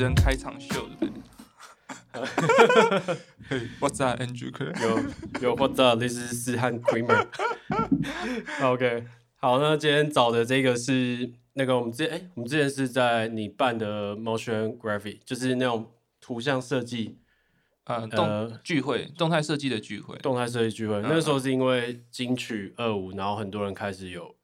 人開場秀的、 Hey，What's up, Andrew？Yo, Yo, What's up，this is Han Cramer？OK，好，那今天找的這個是那個我們之前、欸、我們之前是在你辦的 Motion Graphic，就是那種圖像設計，的、嗯嗯、聚會動態設計的聚會，動態設計聚會那時候是因為金曲二五，然後很多人開始有。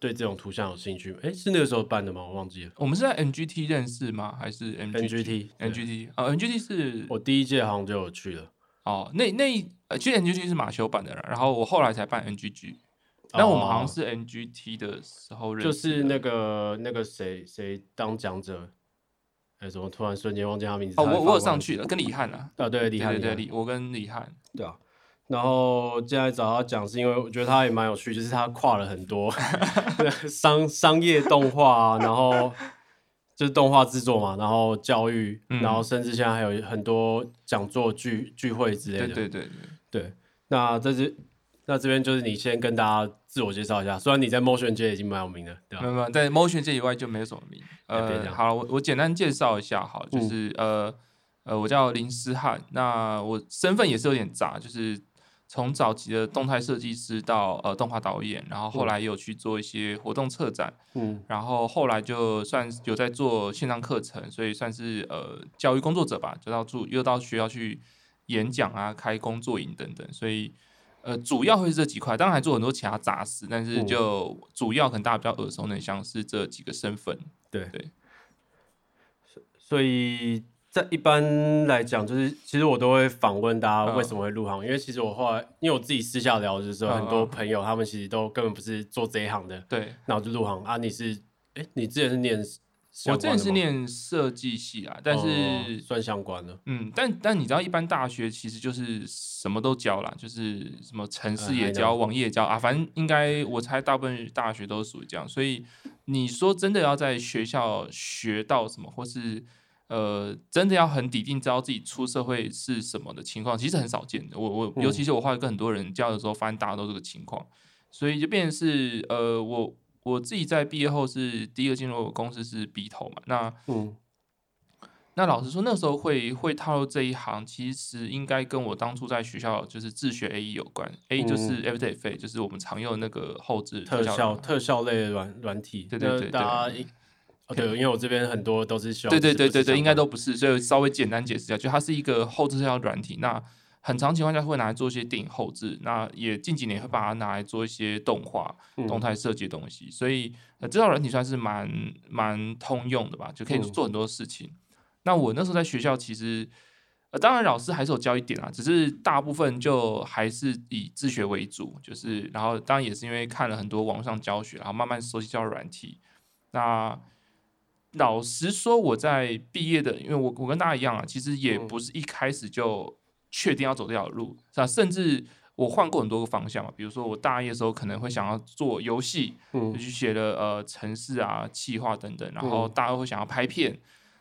對這種圖像有興趣嗎？誒？是那個時候辦的嗎？我忘記了。我們是在 NGT 認識嗎？還是 NGT？NGT 啊，NGT、哦、是我第一屆好像就有去了。哦，那那一、呃、其實 NGT 是馬修辦的啦。然後我後來才辦 NGG。那我們好像是 NGT 的時候認、哦就是那個那個誰誰當講者？哎，怎麼突然瞬間忘記他名字？哦，我我有上去了，跟李翰啊。啊，對，李翰，對李翰對我跟李翰對啊。對李然後接下來找他講，是因為我覺得他也蠻有趣，就是他跨了很多 商商業動畫、啊， 然後就是動畫製作嘛，然後教育，嗯、然後甚至現在還有很多講座聚聚會之類的。對對對對。對，那這是那這邊就是你先跟大家自我介紹一下，雖然你在 Motion 界已經蠻有名的，對吧、啊？沒有，沒有在 Motion 界以外就沒有什麼名。哎呃、好了，我我簡單介紹一下，哈，就是、嗯、呃呃，我叫林思翰，那我身份也是有點雜，就是。從早期的動態設計師到呃動畫導演，然後後來有去做一些活動策展，嗯，然後後來就算有在做線上課程，所以算是呃教育工作者吧，就到處又到學校去演講啊，開工作營等等，所以呃主要會是這幾塊，當然還做很多其他雜事，但是就主要可能大家比較耳熟能詳是這幾個身份，對、嗯、對，所以。在一般來講，就是其實我都會訪問大家為什麼會入行，uh, 因為其實我後來，因為我自己私下聊的時候，很多朋友他們其實都根本不是做這一行的，對，然後就入行啊。你是，誒，你之前是念我？我之前是念設計系啊，但是、uh, 算相關的。嗯，但但你知道，一般大學其實就是什麼都教啦，就是什麼程式也教，uh, 網頁也教啊，反正應該我猜大部分大學都屬於這樣。所以你說真的要在學校學到什麼，或是？呃，真的要很篤定，知道自己出社會是什麼的情況，其實很少見的。我我、嗯，尤其是我後來跟很多人交流的時候，發現大家都這個情況，所以就變是呃，我我自己在畢業後是第一個進入的公司是 B 頭嘛，那嗯，那老實說，那時候會會踏入這一行，其實應該跟我當初在學校就是自學 A E 有關、嗯、，A e 就是 Everyday Face，就是我們常用的那個後置特效，的特效特效類的軟軟體，對對對，對、對。Oh, 對，因為我這邊很多都是需要，對對對對對，應該都不是，所以稍微簡單解釋一下，就它是一個後製效軟體，那很常情況下會拿來做一些電影後製，那也近幾年會把它拿來做一些動畫、嗯、動態設計的東西，所以、呃、這套軟體算是蠻蠻通用的吧，就可以做很多事情、嗯。那我那時候在學校其實，呃，當然老師還是有教一點啊，只是大部分就還是以自學為主，就是然後當然也是因為看了很多網上教學，然後慢慢熟悉這套軟體，那。老實說，我在畢業的，因為我我跟大家一樣啊，其實也不是一開始就確定要走這條路，是、嗯、吧？甚至我換過很多個方向嘛，比如說我大一的時候可能會想要做遊戲，嗯、就去寫了呃程式啊、企劃等等，然後大二會想要拍片、嗯，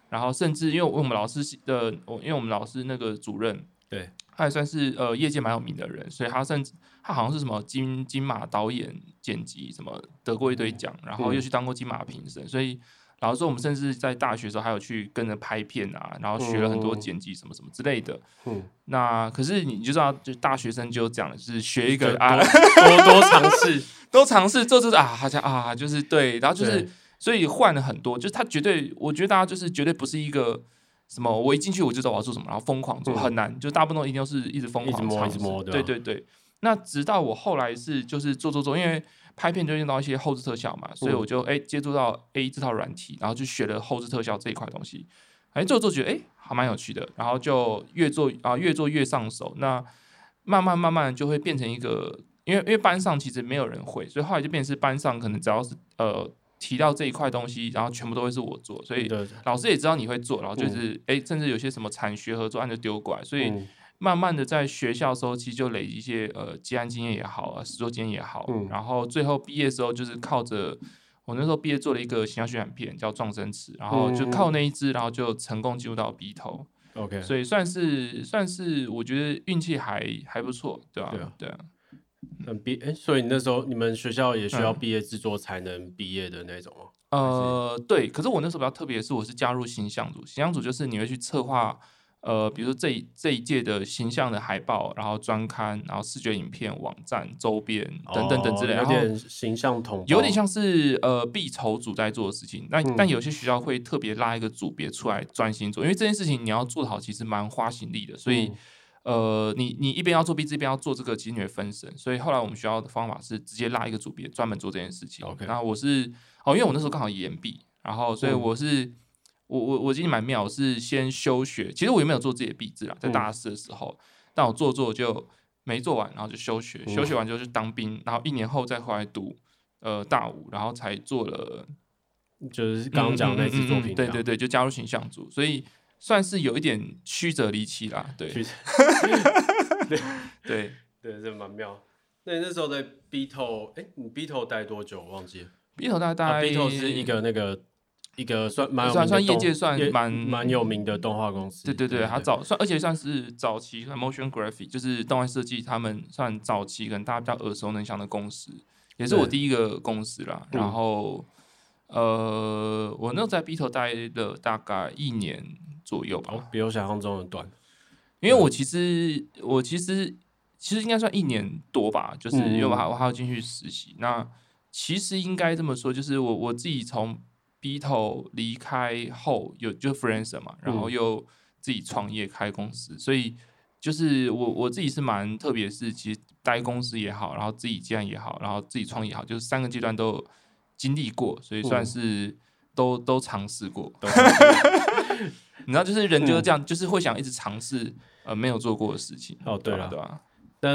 然後甚至因為我們老師的我，因為我們老師那個主任，對，他也算是呃業界蠻有名的人，所以他甚至他好像是什麼金金馬導演剪輯什麼得過一堆獎、嗯，然後又去當過金馬評審，所以。然後說，我們甚至在大學時候還有去跟着拍片啊，然後學了很多剪輯什麼什麼之類的。嗯。嗯那可是你就知道，就大學生就講的、就是學一個啊，多 多嘗試，多嘗試做做做啊，好像啊，就是對，然後就是，所以換了很多，就是他絕對，我覺得大家就是絕對不是一個什麼，我一進去我就知道我要做什麼，然後瘋狂做，嗯、很難，就大部分都一定是一直瘋狂嘗試，對對對、啊。那直到我後來是就是做做做，因為。拍片就用到一些後製特效嘛、嗯，所以我就誒、欸、接觸到 A 這套軟體，然後就學了後製特效這一塊東西，誒，做做覺得哎還蠻有趣的，然後就越做、嗯、啊越做越上手，那慢慢慢慢就會變成一個，因為因為班上其實沒有人會，所以後來就變成是班上可能只要是呃提到這一塊東西，然後全部都會是我做，所以老師也知道你會做，然後就是哎、嗯欸、甚至有些什麼產學合作案就丟過來，所以。嗯慢慢的，在學校的時候，其實就累積一些呃，接案經驗也好啊，實作經驗也好、嗯。然後最後畢業的時候，就是靠着我那時候畢業做了一個形象宣傳片，叫《撞針池》，然後就靠那一支、嗯，然後就成功進入到鼻頭。OK，所以算是算是，我覺得運氣還還不錯，對吧？對啊，對啊。那畢哎，所以你那時候你們學校也需要畢業制作才能畢業的那種嗎？嗯、呃，對。可是我那時候比較特別的是，我是加入形象組，形象組就是你會去策劃。呃，比如說這一這一屆的形象的海報，然後專刊，然後視覺影片、網站、周邊等等等之類的、哦，有點形象統，哦，有點像是呃畢籌組在做的事情。那、哦、但，但有些學校會特別拉一個組別出來專心做，嗯、因為這件事情你要做的好，其實蠻花心力的。所以、嗯、呃，你你一邊要做畢製，一邊要做這個，其實分神。所以後來我們學校的方法是直接拉一個組別專門做這件事情。OK，然後我是哦，因為我那時候剛好延畢，然後所以我是。嗯我我我今天蠻妙，我是先休學。其實我也沒有做自己的畢製啦，在大四的時候，嗯，但我做做就沒做完，然後就休學。休學完之後，就是當兵，然後一年後再回來讀呃大五，然後才做了就是剛剛講的那次作品，嗯嗯嗯。對對對，就加入形象組，嗯，所以算是有一點曲折離奇啦。對，對 對，這 蠻妙。那你那時候在 Bito，哎，你 Bito 待多久？我忘記了。Bito 待大概，啊，Bito 是一個那個。一個算蠻算算業界算蠻蠻有名的動畫公司，對對對，對對對，它早算，而且算是早期 motion graphic，就是動畫設計，他們算早期可能大家比較耳熟能詳的公司，也是我第一個公司啦。然後、嗯、呃，我那時候在 B 頭待了大概一年左右吧，哦、比我想象中的短，因為我其實我其實其實應該算一年多吧，就是因為我還還要進去實習。那其實應該這麼說，就是我我自己從。BITO 離開後有就 freelance 嘛，然後又自己創業開公司，嗯，所以就是我我自己是蠻特別，是其實待公司也好，然後自己建也好，然後自己創業也好，就是三個階段都經歷過，所以算是都，嗯，都嘗試過。都過 你知道，就是人就是這樣，嗯，就是會想一直嘗試呃沒有做過的事情。哦，對了，啊，對吧？對啊，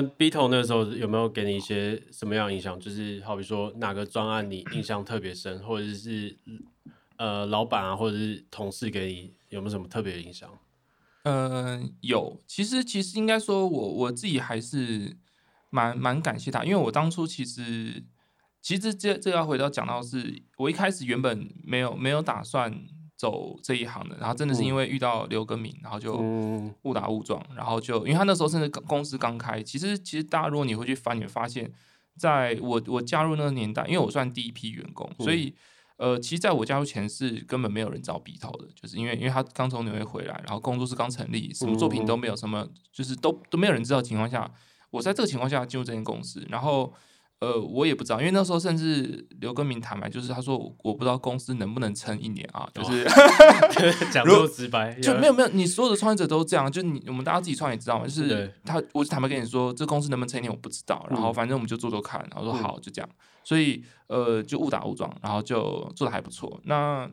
但 BITO 那時候有沒有給你一些什麼樣影響？就是好比說哪個專案你印象特別深， 或者是？呃，老闆啊，或者是同事給你有沒有什麼特別的印象？嗯、呃，有。其實，其實應該說我，我我自己還是蠻蠻感謝他，因為我當初其實其實這這要回到講到是，我一開始原本沒有沒有打算走這一行的，然後真的是因為遇到劉耕名、嗯，然後就誤打誤撞，然後就因為他那時候甚至公司剛開，其實其實大家如果你回去翻，你會發現，在我我加入那個年代，因為我算第一批員工，嗯、所以。呃，其實在我加入前是根本沒有人找筆頭的，就是因為因為他剛從紐約回來，然後工作室剛成立，什麼作品都沒有，什麼、嗯、就是都都沒有人知道的情況下，我在這個情況下進入這間公司，然後呃，我也不知道，因為那時候甚至劉根明坦白，就是他說，我不知道公司能不能撐一年啊，就是講的都直白有有，就沒有沒有，你所有的創業者都這樣，就你我們大家自己創業知道嗎？就是他，我就坦白跟你說，這公司能不能撐一年我不知道，然後反正我們就做做看，然後說好就這樣。所以呃，就誤打誤撞，然後就做的還不錯。那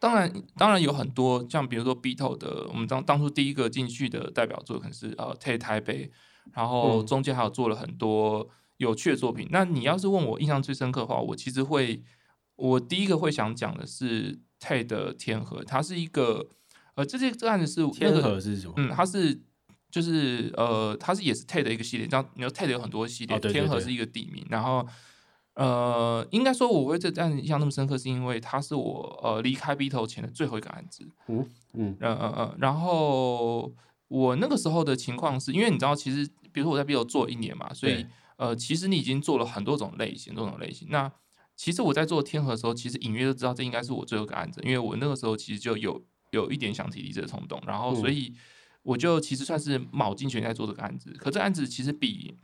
當然，當然有很多像比如說 Bito 的，我們當當初第一個進去的代表作可能是呃 TED 台北，然後中間還有做了很多有趣的作品。嗯、那你要是問我印象最深刻的話，我其實會，我第一個會想講的是 TED 的天河，它是一個呃，這件這個案子是天河是什麼？嗯，它是就是呃，它是也是 TED 的一個系列，這樣你說 TED 的有很多系列，哦、對對對對，天河是一個地名，然後。呃，應該說我會這案印象那麼深刻，是因為它是我呃離開 Bito 前的最後一個案子。嗯嗯、呃呃，然後我那個時候的情況是因為你知道，其實比如說我在 Bito 做一年嘛，所以、嗯、呃，其實你已經做了很多種類型，各種類型。那其實我在做天河的時候，其實隱約都知道這應該是我最後一個案子，因為我那個時候其實就有有一點想提離職的衝動，然後所以我就其實算是卯盡全力在做這個案子，可這案子其實比。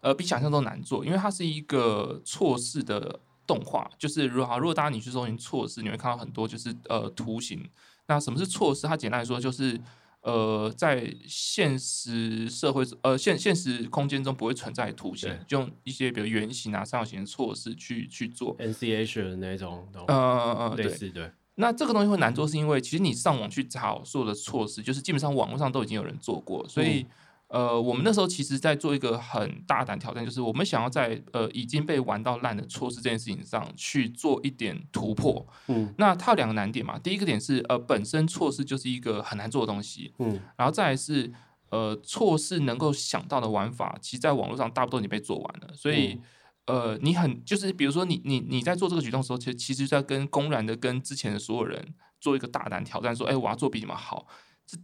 呃，比想象中難做，因為它是一個錯視的動畫。就是，如果如果大家你去做一些錯視，你會看到很多就是呃圖形。那什麼是錯視？它簡單來說就是呃，在現實社會呃現現實空間中不會存在的圖形，就用一些比如圓形啊、三角形的錯視去去做。N C H 的那種，嗯嗯嗯，對似對。那這個東西會難做，是因為其實你上網去找所有的錯視、嗯，就是基本上網絡上都已經有人做過，所以。嗯呃，我們那時候其實在做一個很大膽的挑戰，就是我們想要在呃已經被玩到爛的錯事這件事情上去做一點突破。嗯，那它有兩個難點嘛。第一個點是，呃，本身錯事就是一個很難做的東西。嗯，然後再來是，呃，錯事能夠想到的玩法，其實在網絡上大部分都已經被做完了。所以，嗯、呃，你很就是比如說你你你在做這個舉動的時候，其實其實在跟公然的跟之前的所有人做一個大膽的挑戰，說，哎，我要做比你們好。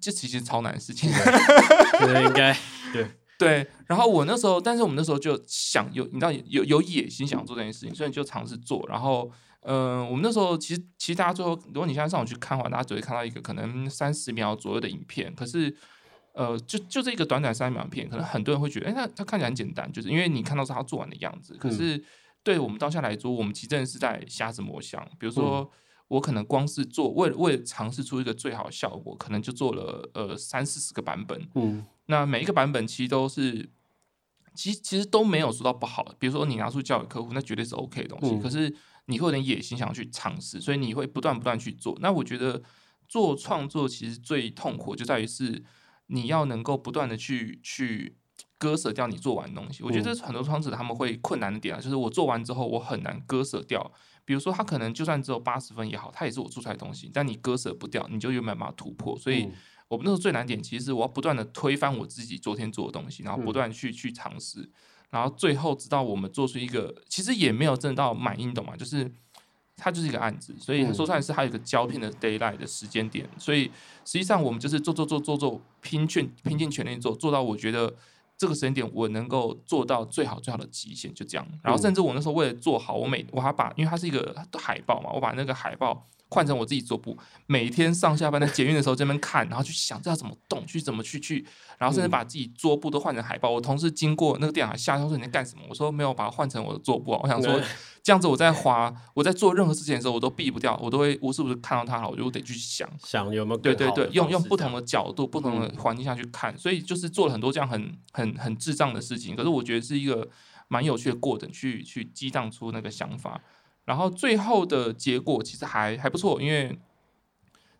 這其實超難的事情的 對，應該對對。然後我那時候，但是我們那時候就想有，你知道有有野心，想做這件事情，所以就嘗試做。然後，嗯、呃，我們那時候其實其實大家最後，如果你現在上網去看的話，大家只會看到一個可能三十秒左右的影片。可是，呃，就就這一個短短三十秒影片，可能很多人會覺得，哎、欸，那它，它看起來很簡單，就是因為你看到是他做完的樣子。可是，對我們當下來說，我們其實真的是在瞎子摸象。比如說，嗯我可能光是做，為了為了嘗試出一個最好的效果，可能就做了呃三四十個版本。嗯，那每一個版本其實都是，其實其實都沒有做到不好。比如說你拿出教育客戶，那絕對是 OK 的東西。嗯，可是你會有點野心，想去嘗試，所以你會不斷不斷去做。那我覺得做創作其實最痛苦，就在於是你要能夠不斷的去去割捨掉你做完的東西。我覺得這是很多創作他們會困難的點啊，就是我做完之後，我很難割捨掉。比如說，他可能就算只有八十分也好，他也是我做出來的東西。但你割捨不掉，你就沒辦法突破。所以，我們那時候最難點，其實是我要不斷的推翻我自己昨天做的東西，然後不斷去、嗯、去嘗試，然後最後直到我們做出一個，其實也沒有掙到滿意，懂嗎？就是他就是一個案子，所以說，出來是他有一個膠片的 deadline 的時間點。所以實際上我們就是做做做做做，拼盡拼盡全力做，做到我覺得。這個時間點，我能夠做到最好最好的極限，就這樣。然後，甚至我那時候為了做好，我每我還把，因為它是一個海報嘛，我把那個海報。換成我自己桌布，每天上下班在捷運的時候在那邊看，然後去想這要怎麼動，去怎麼去去，然後甚至把自己桌布都換成海報、嗯。我同事經過那個電腦下他說，你在幹什麼？我說沒有，把它換成我的桌布、嗯。我想說這樣子，我在滑，我在做任何事情的時候，我都避不掉，我都會，無時無刻看到它了，我就得去想，想有沒有對對對，用用不同的角度、不同的環境下去看、嗯。所以就是做了很多這樣很很很智障的事情，可是我覺得是一個蠻有趣的過程，去去激盪出那個想法。然後最後的結果其實還還不錯，因為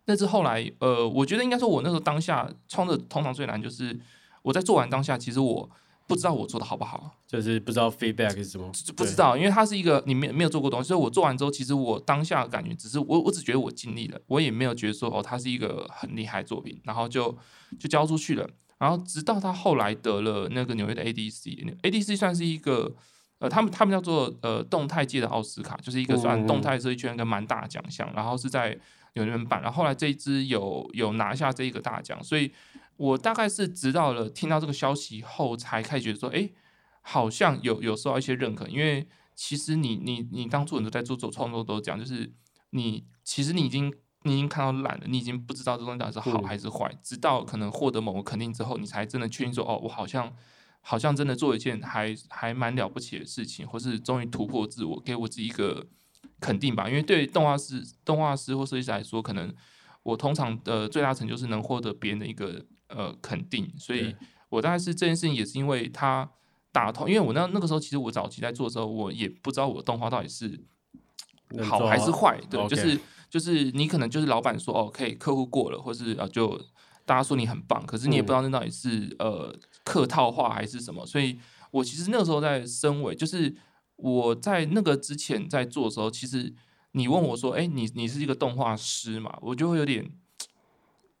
那是後來，呃，我覺得應該說，我那時候當下創作通常最難就是我在做完當下，其實我不知道我做的好不好，就是不知道 feedback 是什麼，不知道，因為它是一個你沒沒有做過東西，所以我做完之後，其實我當下的感覺只是我我只覺得我盡力了，我也沒有覺得說哦，它是一個很厲害的作品，然後就就交出去了，然後直到他後來得了那個紐約的 ADC，ADC ADC 算是一個。呃，他們他們叫做呃動態界的奧斯卡，就是一個算動態設計圈一個蠻大獎項，嗯嗯嗯，然後是在紐約辦，然後，後來這一支有有拿下這一個大獎，所以我大概是知道了，聽到這個消息以後才開始覺得說，哎，欸，好像有有受到一些認可，因為其實你你你當初你在初初初初都在做做創作都講，就是你其實你已經你已經看到爛了，你已經不知道這種獎是好還是壞，嗯，直到可能獲得某個肯定之後，你才真的確定說，哦，我好像。好像真的做一件還還蠻了不起的事情，或是終於突破自我，給我自己一個肯定吧。因為對動畫師、動畫師或設計師來說，可能我通常的最大成就，是能獲得別人的一個呃肯定。所以我大概是這件事情，也是因為他打通。因為我那那個時候，其實我早期在做的時候，我也不知道我的動畫到底是好還是壞。對，Okay. 就是就是你可能就是老板說哦，可以客戶過了，或是啊、呃、就大家說你很棒，可是你也不知道那到底是、嗯、呃。客套話還是什麼？所以我其實那個時候在省委，就是我在那個之前在做的時候，其實你問我說：“誒、欸，你你是一個動畫師嘛？”我就會有點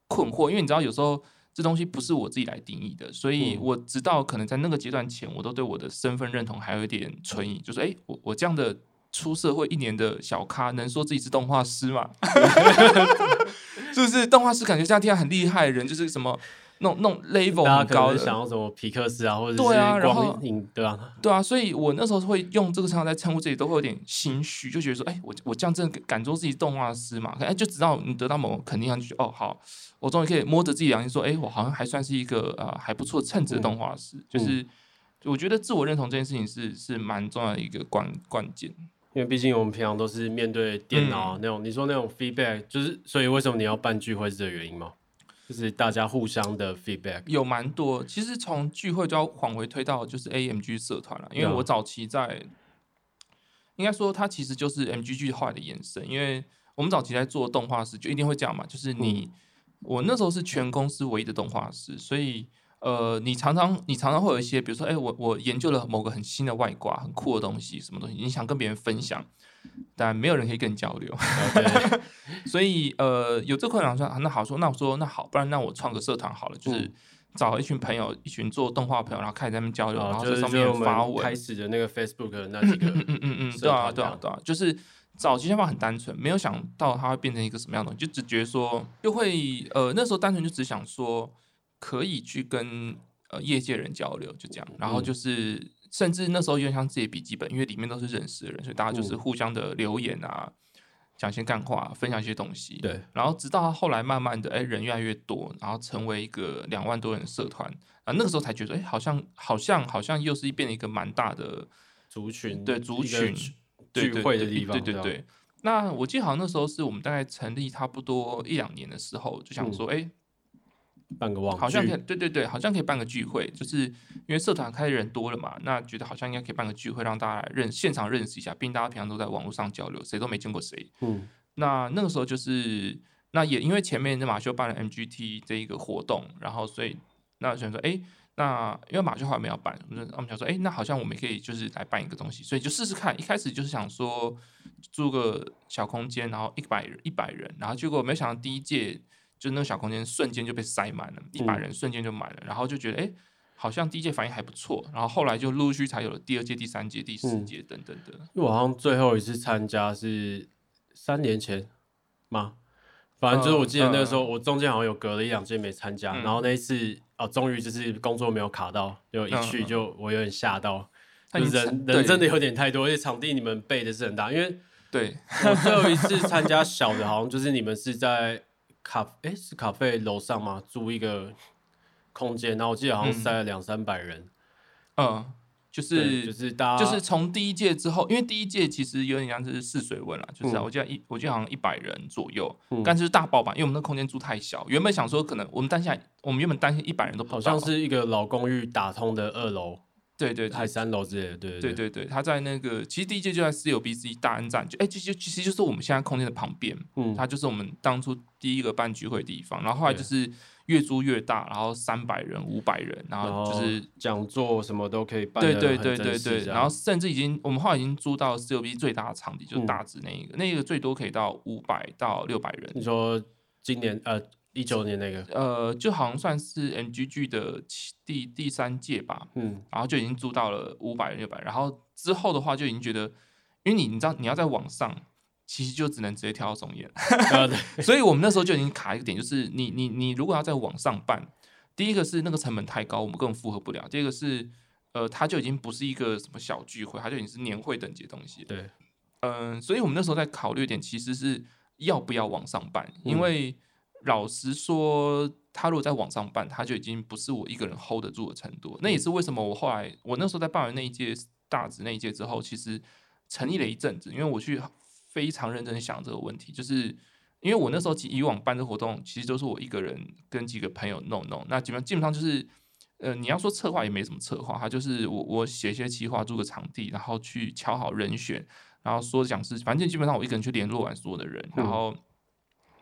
困惑，因為你知道有時候這東西不是我自己來定義的，所以我直到可能在那個階段前，我都對我的身份認同還有一點存疑，就是：“誒，我、欸、我這樣的出社會一年的小咖，能說自己是動畫師嗎？”是 不 是動畫師感覺像聽起來很厲害的人，就是什麼？弄弄 level 很高的想要什麼皮克斯啊，或者是光影。對啊，然後，對啊，對啊，所以我那時候會用這個稱號在稱呼自己，都會有點心虛，就覺得說，哎、欸，我我這樣真的敢做自己動畫師嘛？哎、欸，就直到你得到某肯定，就覺得哦，好，我終於可以摸着自己良心說，哎、欸，我好像還算是一個啊、呃，還不錯稱職的動畫師、嗯。就是、嗯、就我覺得自我認同這件事情是是蠻重要的一個關關鍵，因為畢竟我們平常都是面對電腦、啊嗯、那種，你說那種 feedback，就是，所以為什麼你要辦聚會是這個原因嗎？就是大家互相的 feedback 有蠻多，其實從聚會就要往回推到就是 AMG 社團了，因為我早期在、嗯，應該說它其實就是 MGG 壞的延伸，因為我們早期在做動畫時就一定會這樣嘛，就是你、嗯、我那時候是全公司唯一的動畫師，所以呃，你常常你常常會有一些，比如說哎，我我研究了某個很新的外掛、很酷的東西，什麼東西，你想跟別人分享。但沒有人可以跟你交流 ，Okay. 所以呃，有這困擾說、啊，那好說，那我說那好，不然那我創個社團好了、嗯，就是找一群朋友，一群做動畫朋友，然後開始他們交流，然後在上面發文。就是、就我開始的那個 Facebook 的那幾個，嗯嗯嗯，嗯，嗯，嗯，對啊對啊對啊，就是早期想法很單純，沒有想到它會變成一個什麼樣的，就只覺得說，就會呃那時候單純就只想說可以去跟呃業界人交流，就這樣，然後就是。嗯甚至那時候有點像自己筆記本，因為裡面都是認識的人，所以大家就是互相的留言啊，講些幹話，分享一些東西。對。然後直到後來慢慢的，哎、欸，人越來越多，然後成為一個兩萬多人的社團啊，然後那個時候才覺得，哎、欸，好像好像好像又是變成一個蠻大的族群，對族群聚，對對對聚會的地方，對對對。那我記得好像那時候是我們大概成立差不多一兩年的時候，就想說，哎、嗯。辦個好像可以，對對對，好像可以辦個聚會，就是因為社團開的人多了嘛，那覺得好像應該可以辦個聚會，讓大家來認現場認識一下，畢竟，大家平常都在網絡上交流，誰都沒見過誰。嗯，那那個時候就是，那也因為前面的馬修辦了 MGT 這一個活動，然後所以那就想說，哎、欸，那因為馬修好像沒有辦，我們想說，哎、欸，那好像我們可以就是來辦一個東西，所以就試試看。一開始就是想說租個小空間，然後一百人，一百人，然後結果沒想到第一屆。就那個小空間瞬間就被塞滿了，嗯、一百人瞬間就滿了，然後就覺得哎、欸，好像第一屆反應還不錯，然後後來就陸續才有了第二屆、第三屆、第四屆、嗯、等等等。因為我好像最後一次參加是三年前嘛。反正就是我記得那個時候我中間好像有隔了一兩屆沒參加、嗯，然後那一次哦，呃、終於就是工作沒有卡到，就一去就我有點嚇到，嗯嗯人但你人真的有點太多，而且場地你們備的是很大，因為對我最後一次參加小的好像就是你們是在。卡誒，是咖啡樓上嗎？租一個空間，然後我記得好像塞了兩三百人，嗯，嗯就是就是就是從第一屆之後，因為第一屆其實有點像是試水溫啦，就是、啊嗯、我記得一我記得好像一百人左右，嗯、但是大爆版，因為我們那空間租太小，原本想說可能我們當下我們原本擔心一百人都不好像是一個老公寓打通的二樓。嗯對對，泰山樓之類，對對對，對對對，他在那個，其實第一屆就在 CLBC 大安站，就哎、欸，就就其實就是我們現在空間的旁邊，嗯，它就是我們當初第一個辦聚會的地方、嗯，然後後來就是越租越大，然後三百人、五百人，然後就是後講座什麼都可以辦，對對對對對，對，然後甚至已經我們後來已經租到 CLBC 最大的場地，就是大直那一個，嗯，那一個最多可以到五百到六百人，你說今年呃。一九年那個，呃，就好像算是 MGG 的第第三屆吧，嗯，然後就已經租到了五百六百，然後之後的話就已經覺得，因為你你知道你要在網上，其實就只能直接跳到總演、 啊，所以我們那時候就已經卡一個點，就是你你你，你如果要在網上辦，第一個是那個成本太高，我們根本負荷不了，第二個是，呃，它就已經不是一個什麼小聚會，它就已經是年會等級的東西，對，嗯、呃，所以我們那時候在考慮一點，其實是要不要網上辦，嗯、因為。老實說，他如果在網上辦，他就已經不是我一個人 hold 得住的程度了。那也是為什麼我後來，我那時候在辦完那一屆大紫那一屆之後，其實沉寂了一陣子，因為我去非常認真想這個問題，就是因為我那時候以往辦的活動，其實都是我一個人跟幾個朋友弄弄。那基本基本上就是，呃，你要說策劃也沒什麼策劃，他就是我我寫一些企劃，租個場地，然後去敲好人選，然後說講師，反正基本上我一個人去聯絡完所有的人，然後，嗯。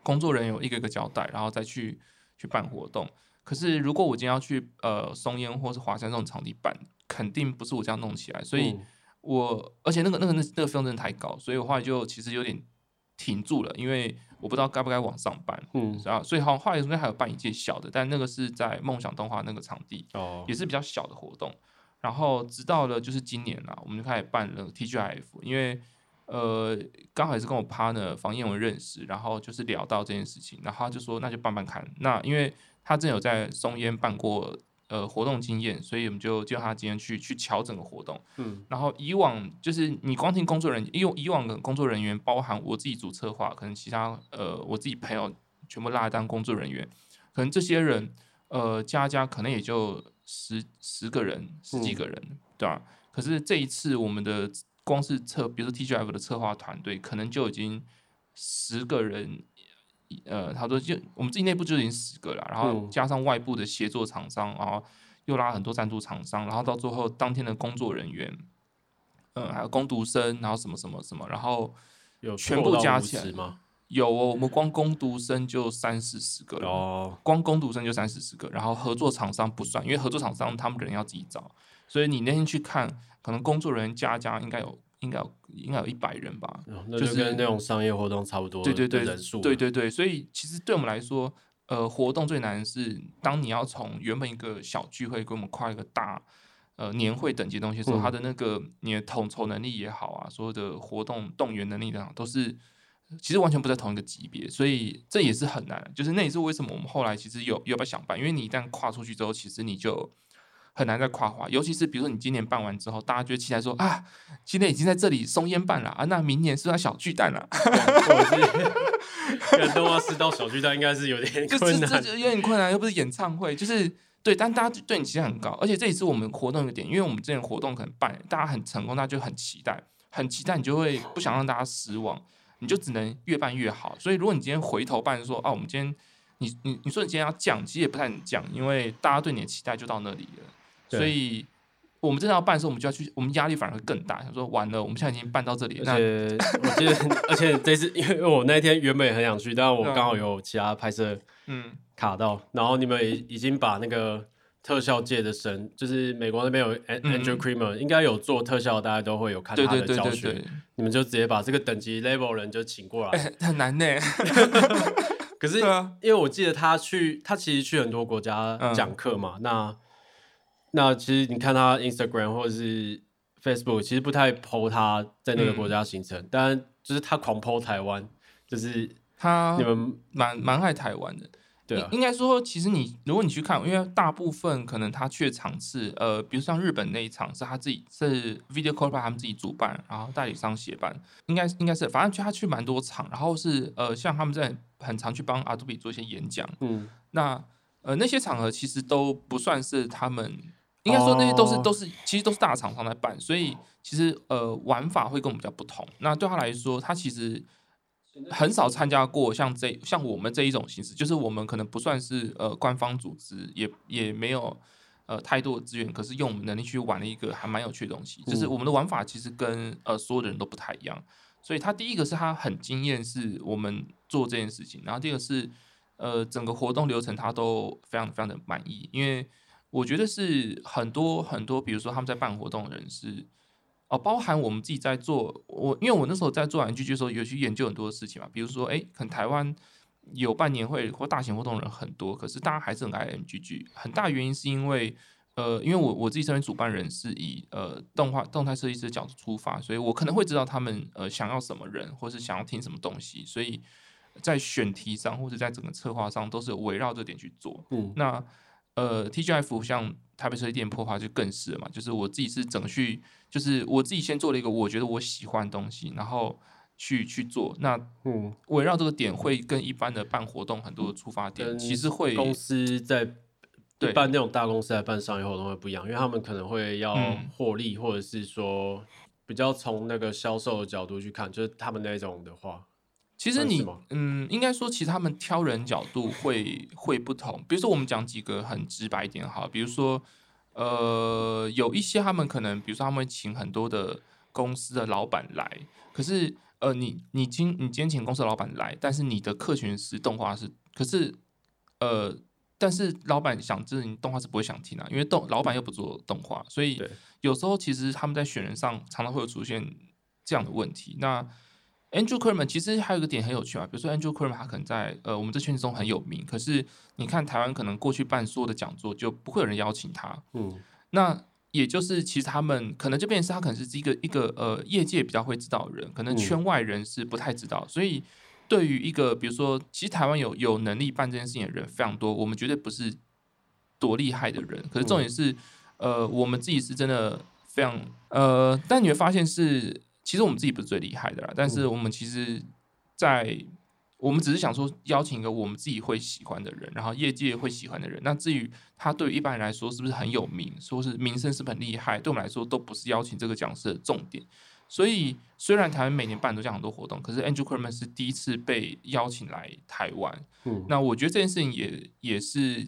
工作人員有一個一個交代，然後再去去辦活動。可是如果我今天要去呃松菸或是華山這種場地辦，肯定不是我這樣弄起來。所以我，我、嗯、而且那個那個那個費用真的太高，所以我後來就其實有點停住了，因為我不知道該不該往上辦。嗯，然後所以好像後來中間還有辦一屆小的，但那個是在夢想動畫那個場地、哦，也是比較小的活動。然後，直到了就是今年啦，我們就開始辦了 TGIF，因為。呃，剛好也是跟我 partner、房彥文認識，然後就是聊到這件事情，然後他就說，那就辦辦看。嗯、那因為他真有在松煙辦過呃活動經驗，所以我們就叫他今天去去喬整個活動。嗯，然後以往就是你光聽工作人員，以往的工作人員包含我自己主策劃，可能其他呃我自己朋友全部拉來當工作人員，可能這些人呃加加可能也就十十個人，嗯、十幾個人，對吧？可是這一次我們的。光是策，比如說 TGF 的策劃團隊，可能就已經十個人，呃，差不多就我們自己內部就已經十個了，然後加上外部的協作廠商，然後又拉很多贊助廠商，然後到最後當天的工作人員，嗯，還有工讀生，然後什麼什麼什麼，然後全部加起來，有，有哦，我們光工讀生就三四十個，哦，光工讀生就三四十個，然後合作廠商不算，因為合作廠商他們可能要自己找，所以你那天去看。可能工作人員加加應該有，應該有，應該有一百人吧、哦。那就跟那種商業活動差不多、就是。對對對，人數。對對對，所以其實對我們來說，呃，活動最難的是當你要從原本一個小聚會，給我們跨一個大，呃，年會等級東西時候，它的那個你的統籌能力也好啊，所有的活動動員能力也好，都是其實完全不在同一個級別，所以這也是很難。就是那也是為什麼我們後來其實有有要想辦，因為你一旦跨出去之後，其實你就。很難再跨誇，尤其是比如說你今年辦完之後，大家就期待說啊，今年已經在這裡松菸辦了啊，那明年是不是要小巨蛋了。哈 是，哈哈哈，從到小巨蛋應該是有點困難就，就有點困難，又不是演唱會，就是對，但大家對你期待很高，而且這也是我們活動的點，因為我們之前活動可能辦大家很成功，大家就很期待，很期待，你就會不想讓大家失望，你就只能越辦越好。所以如果你今天回頭辦說啊，我們今天你你你你說你今天要降，其實也不太能降，因為大家對你的期待就到那裡了。所以，我們真的要辦的時候，我們就要去，我們壓力反而會更大。想說，完了，我們現在已經辦到這裡了。而且我記得， 而且這次，因為我那天原本也很想去，但我剛好有其他拍攝，嗯，卡到。然後你們已經把那個特效界的神，就是美國那邊有 Andrew Kramer、嗯、應該有做特效，大家都會有看他的教學。對對對對對。你們就直接把這個等級 level 人就請過來，欸、很難呢。 可是，因為我記得他去，他其實去很多國家講課嘛，嗯、那。那其實你看他 Instagram 或者是 Facebook，其實不太 po 他在哪個國家行程，嗯、但就是他狂 po 台灣，就是、嗯、他你們蠻蠻愛台灣的，對、啊、應該說，其實你如果你去看，因為大部分可能他去的場次，呃，比如像日本那一場是他自己是 Video Corp 他們自己主辦，然後代理商協辦，應該應該是反正他去蠻多場，然後是呃，像他們在很常去幫 Adobe 做一些演講，嗯，那呃那些場合其實都不算是他們。應該說那些都是、Oh. 都是其實都是大廠商在辦，所以其實呃玩法會跟我們比較不同。那對他來說，他其實很少參加過像這像我們這一種形式，就是我們可能不算是呃官方組織，也也沒有呃太多的資源，可是用我們能力去玩了一個還蠻有趣的東西。就是我們的玩法其實跟呃所有的人都不太一樣。所以他第一個是他很驚艷，是我們做這件事情。然後第二個是呃整個活動流程他都非常非常的滿意，因為。我覺得是很多很多，比如說他們在辦活動的人是哦、呃，包含我們自己在做我，因為我那時候在做 MGG 的時候，有去研究很多事情嘛，比如說哎、欸，可能台灣有辦年會或大型活動的人很多，可是大家還是很愛 MGG，很大原因是因為呃，因為我我自己身為主辦人，是以呃動畫動態設計師的角度出發，所以我可能會知道他們呃想要什麼人，或是想要聽什麼東西，所以在選題上或是在整個策劃上都是圍繞這點去做。嗯，那。呃，TGIF 像台北設計店破壞，就更是了嘛，就是我自己是整去，就是我自己先做了一個我覺得我喜歡的東西，然後去去做，那嗯，圍繞這個點會跟一般的辦活動很多的出發點、嗯嗯，其實會公司在對，辦那種大公司來辦商業活動會不一樣，因為他們可能會要獲利，或者是說比較從那個銷售的角度去看，就是他們那種的話。其實你嗯，應該說，其實他們挑人角度會會不同。比如說，我們講幾個很直白一點哈，比如說，呃，有一些他們可能，比如說他們會請很多的公司的老闆來，可是呃，你你今你今天請公司的老闆來，但是你的客群是動畫師，可是呃，但是老闆想、就是、你動畫師不會想聽的、啊，因為動老闆又不做動畫，所以有時候其實他們在選人上常常會有出現這樣的問題。那 Andrew Kerman 其實還有一個點很有趣啊，比如說 Andrew Kerman 他可能在呃我們這圈子中很有名，可是你看台灣可能過去辦所有的講座就不會有人邀請他。嗯，那也就是其實他們可能這邊是他可能是一個一個呃業界比較會知道的人，可能圈外人士不太知道，嗯。所以對於一個比如說，其實台灣有有能力辦這件事情的人非常多，我們絕對不是多厲害的人。可是重點是，嗯，呃，我們自己是真的非常呃，但你會發現是。其實我們自己不是最厲害的啦，但是我們其實在，在我們只是想說邀請一個我們自己會喜歡的人，然後業界會喜歡的人。那至於他對於一般人來說是不是很有名，說是名聲是不是很厲害，對我們來說都不是邀請這個講師的重點。所以雖然台灣每年辦這樣很多活動，可是 Andrew Kerman 是第一次被邀請來台灣。嗯，那我覺得這件事情也也是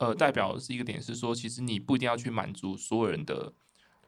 呃代表的是一個點，是說其實你不一定要去滿足所有人的。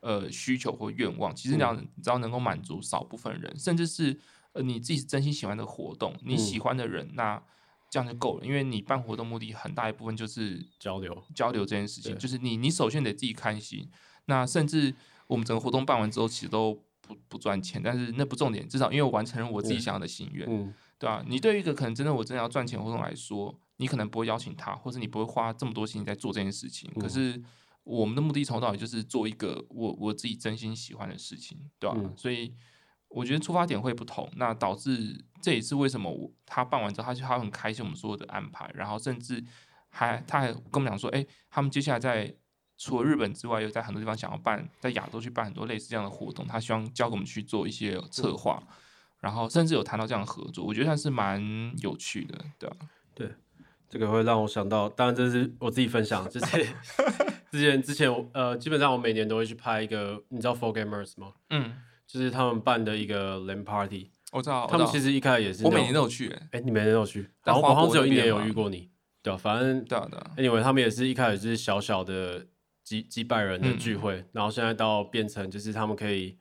呃，需求或願望，其實這樣只要能夠滿足少部分人，嗯、甚至是呃你自己真心喜歡的活動，你喜歡的人，那這樣就夠了、嗯。因為你辦活動目的很大一部分就是交流，嗯、交流這件事情，就是你你首先得自己開心。那甚至我們整個活動辦完之後，其實都不不賺錢，但是那不重點，至少因為我完成了我自己想要的心願、嗯嗯，對吧，啊。你對於一個可能真的我真的要賺錢活動來說，你可能不會邀請他，或者你不會花這麼多心在做這件事情，嗯、可是，我們的目的從頭到尾就是做一個我我自己真心喜歡的事情，對吧、嗯？所以我覺得出發點會不同，那導致這也是為什麼他辦完之後，他就他很開心我們所有的安排，然後甚至還他還跟我們講說，哎，他們接下來在除了日本之外，又在很多地方想要辦，在亞洲去辦很多類似這樣的活動，他希望交給我們去做一些策劃、嗯，然後甚至有談到這樣的合作，我覺得還是蠻有趣的，對吧？對，這個會讓我想到，當然這是我自己分享，就是。就這 之前之前我呃，基本上我每年都會去拍一個，你知道 Four Gamers 嗎？嗯，就是他們辦的一個 LAN Party、哦。我知道，他們其實一開始也是我每年、欸欸、每年都有去。哎，你每年都有去？然後好像只有一年有遇過你，對反正對、啊、對啊、因為、anyway, 他們也是一開始就是小小的幾幾百人的聚會、嗯，然後現在到變成就是他們可以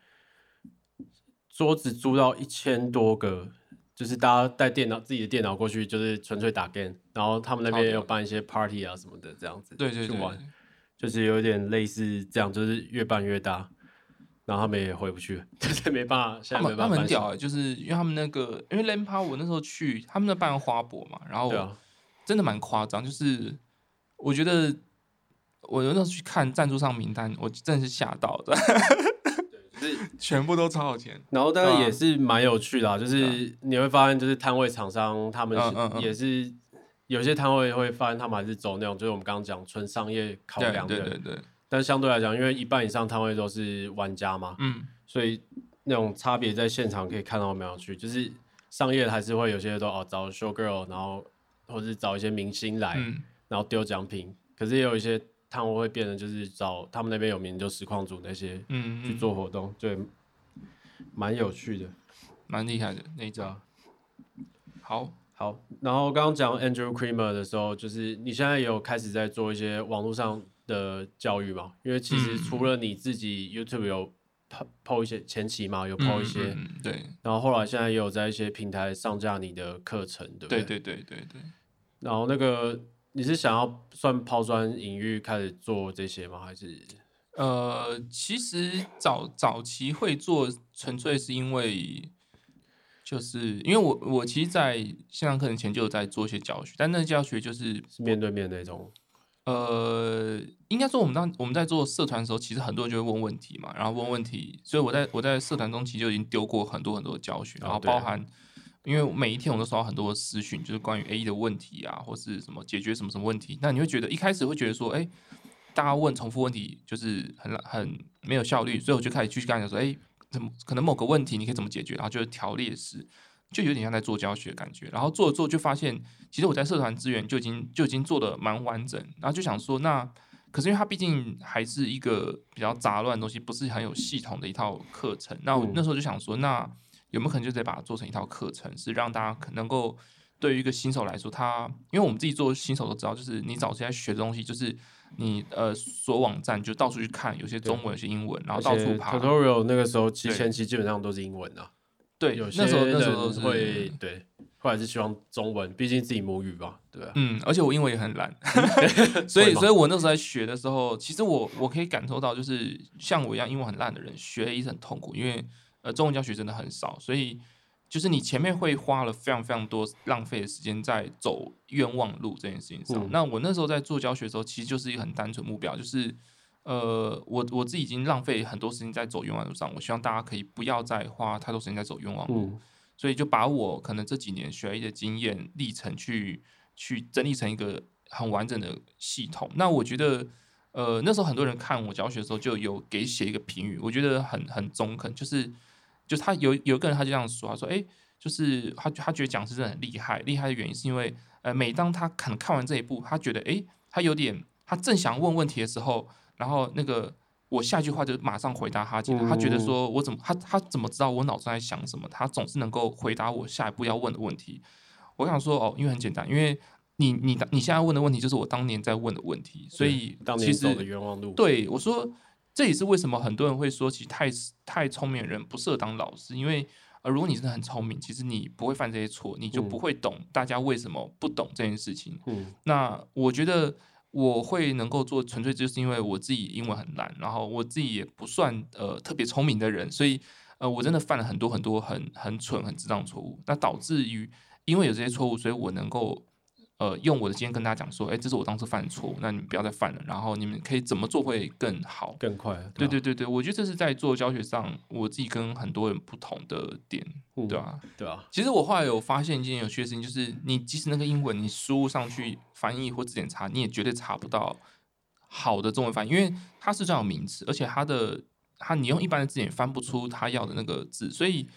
桌子租到一千多個，就是大家帶電腦自己的電腦過去，就是純粹打 game。然後他們那邊也有辦一些 party 啊什麼的，這樣子。對對，去玩。就是有點類似這樣，就是越辦越大，然後他們也回不去，就是沒辦法。他們他們很屌、欸，就是因為他們那個，因為 Lenpa，我那時候去他們那辦花博嘛，然後真的蠻誇張，就是我覺得我那時候去看贊助商名單，我真的是嚇到的， 對就是全部都超有錢。然後但是也是蠻有趣的、啊，就是你會發現，就是攤位廠商他們是、嗯嗯嗯、也是。有些攤位會發現，他們還是走那種，就是我們剛剛講純商業考量的。對對對，對。但相對來講，因為一半以上攤位都是玩家嘛，嗯，所以那種差別在現場可以看到有沒有去，就是商業還是會有些都哦找 show girl，然後或者找一些明星來，嗯，然後丟獎品。可是也有一些攤位會變成就是找他們那邊有名就實況主那些，嗯，嗯去做活動，對，蠻有趣的，蠻厲害的那一招，好。好，然後剛剛講 Andrew Kramer 的時候，就是你現在也有開始在做一些網絡上的教育嘛？因為其實除了你自己 YouTube 有拋拋一些、嗯、前期嘛，有拋一些、嗯嗯、對，然後後來現在也有在一些平台上架你的課程，對不對？對對對對對。然後那個你是想要算拋磚引玉開始做這些嗎？還是？呃，其實早早期會做，純粹是因為。就是因為我我其實在線上課程前就有在做一些教學，但那個教學就是，是面對面的那種。呃，應該說我們當我們在做社團的時候，其實很多人就會問問題嘛，然後問問題，所以我在我在社團中其實就已經丟過很多很多的教學，然後包含、哦啊、因為每一天我都收到很多的私訊，就是關於 A E 的問題啊，或是什麼解決什麼什麼問題。那你會覺得一開始會覺得說，哎、欸，大家問重複問題就是很很沒有效率，所以我就開始繼續幹的時候說，哎、欸。怎麼可能？某個問題你可以怎麼解決？然後就是條列式，就有點像在做教學的感覺。然後做着做就發現，其實我在社團資源就已經就已經做得蠻完整。然後就想說，那可是因為它畢竟還是一個比較雜亂的東西，不是很有系統的一套課程。那我那時候就想說，那有沒有可能就直接把它做成一套課程，是讓大家能夠對於一個新手來說，他因為我們自己做新手都知道，就是你早期在學的東西就是。你呃，所網站就到處去看，有些中文，有些英文，然後到處爬。Tutorial 那個時候，前期基本上都是英文的啊。對，那時候那時候會對，後來是希望中文，畢竟自己母語吧，對吧，啊？嗯，而且我英文也很爛， 所以所以，我那時候在學的時候，其實我我可以感受到，就是像我一樣英文很爛的人學也是很痛苦，因為呃，中文教學真的很少，所以。就是你前面會花了非常非常多浪費的時間在走冤枉路這件事情上。嗯、那我那時候在做教學的時候，其實就是一個很單純目標，就是呃，我我自己已經浪費很多時間在走冤枉路上，我希望大家可以不要再花太多時間在走冤枉路，嗯、所以就把我可能這幾年學藝的經驗歷程去去整理成一個很完整的系統。那我覺得，呃，那時候很多人看我教學的時候，就有給寫一個評語，我覺得很很中肯，就是。就他有有一個人他就這樣說，他說誒、欸，就是他他覺得講師真的很厲害，厲害的原因是因為呃每當他可能看完這一部他覺得誒、欸，他有點他正想問問題的時候，然後那個我下一句話就馬上回答他，他覺得說，我怎麼他他怎麼知道我腦子在想什麼，他總是能夠回答我下一步要問的問題，我想說哦，因為很簡單，因為你你你現在問的問題就是我當年在問的問題，所以其實、嗯、當年走的冤枉路，對我說。這也是為什麼很多人會說，其實太太聰明的人不適合當老師，因為，呃，如果你真的很聰明，其實你不會犯這些錯，你就不會懂大家為什麼不懂這件事情。嗯，那我覺得我會能夠做純粹就是因為我自己英文很爛，然後我自己也不算呃特別聰明的人，所以呃我真的犯了很多很多很很蠢很智障的錯誤，那導致於因為有這些錯誤，所以我能夠。呃，用我的經驗跟大家講說，哎、欸，這是我當時犯錯誤，那你們不要再犯了。然後你們可以怎麼做會更好、更快？對對對對、啊，我覺得這是在做教學上我自己跟很多人不同的點，嗯、對吧、啊？對啊。其實我後來有發現一件有趣的事情，就是你即使那個英文你輸入上去翻譯或字典查，你也絕對查不到好的中文翻譯，因為它是這樣名詞，而且它的它你用一般的字典翻不出它要的那個字，所以。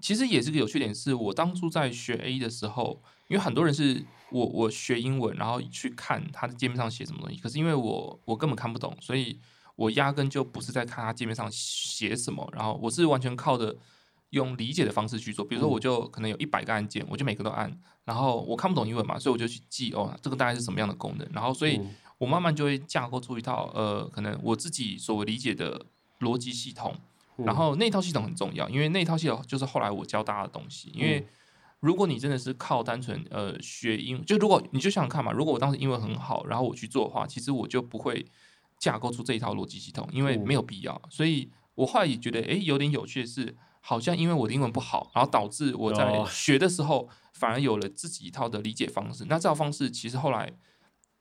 其實也是個有趣的點，是我當初在學 A 的時候，因為很多人是我我學英文，然後去看它的界面上寫什麼東西，可是因為我我根本看不懂，所以我壓根就不是在看它界面上寫什麼，然後我是完全靠着用理解的方式去做，比如說我就可能有一百個按鍵，我就每個都按，然後我看不懂英文嘛，所以我就去記哦，這個大概是什麼樣的功能，然後所以我慢慢就會架構出一套呃，可能我自己所理解的邏輯系統。然後那一套系統很重要，因為那套系統就是後來我教大家的東西。因為如果你真的是靠單純呃學英文，就如果你就想看嘛，如果我當時英文很好，然後我去做的話，其實我就不會架構出這一套邏輯系統，因為沒有必要。所以我後來也覺得，哎，有點有趣的是，好像因為我的英文不好，然後導致我在學的時候反而有了自己一套的理解方式。那這套方式其實後來。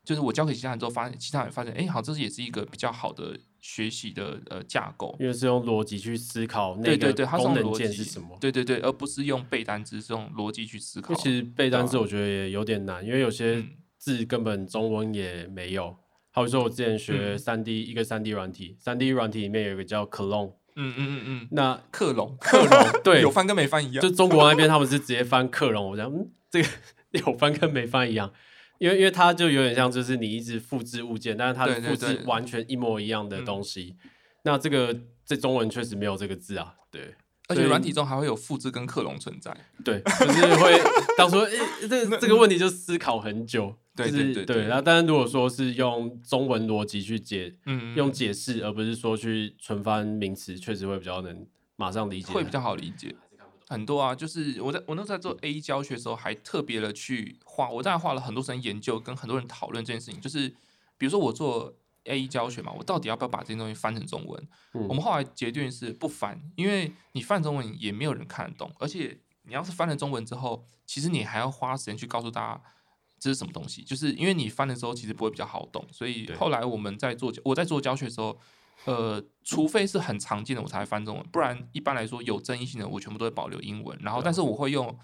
就是我教給其他人之後發，發現其他人發現，哎、欸，好像這是也是一個比較好的學習的呃架構，因為是用邏輯去思考。對對對，它是用邏輯。什麼？對對對，而不是用背單詞是用邏輯去思考。其實背單詞我覺得也有點難、啊，因為有些字根本中文也沒有。好比說，我之前學三 D、嗯、一個三 D 軟體，三 D 軟體裡面有一個叫克隆。嗯嗯嗯嗯。那克隆，克隆， 對，有翻跟沒翻一樣。 就中國那邊他們是直接翻克隆，我想嗯，這個有翻跟沒翻一樣。因為因為它就有點像，就是你一直複製物件，但是它的複製完全一模一樣的東西。對對對，那這個這中文確實沒有這個字啊。對，而且軟體中還會有複製跟克隆存在。對，就是會到時候誒，這個、這個問題就思考很久。那就是、對，對對對。然後，但是如果說是用中文邏輯去解，嗯嗯用解釋而不是說去純翻名詞，確實會比較能馬上理解，會比較好理解。很多啊，就是我在我那時候在做 AE 教學的時候，還特別的去畫。我當然花了很多時間研究，跟很多人討論這件事情。就是比如說我做 AE 教學嘛，我到底要不要把這件東西翻成中文？嗯、我們後來決定是不翻，因為你翻中文也沒有人看得懂，而且你要是翻了中文之後，其實你還要花時間去告訴大家這是什麼東西。就是因為你翻的時候，其實不會比較好懂。所以後來我們在做，我在做教學的時候。呃，除非是很常見的，我才會翻中文。不然一般來說，有爭議性的，我全部都會保留英文。然後，啊、但是我會用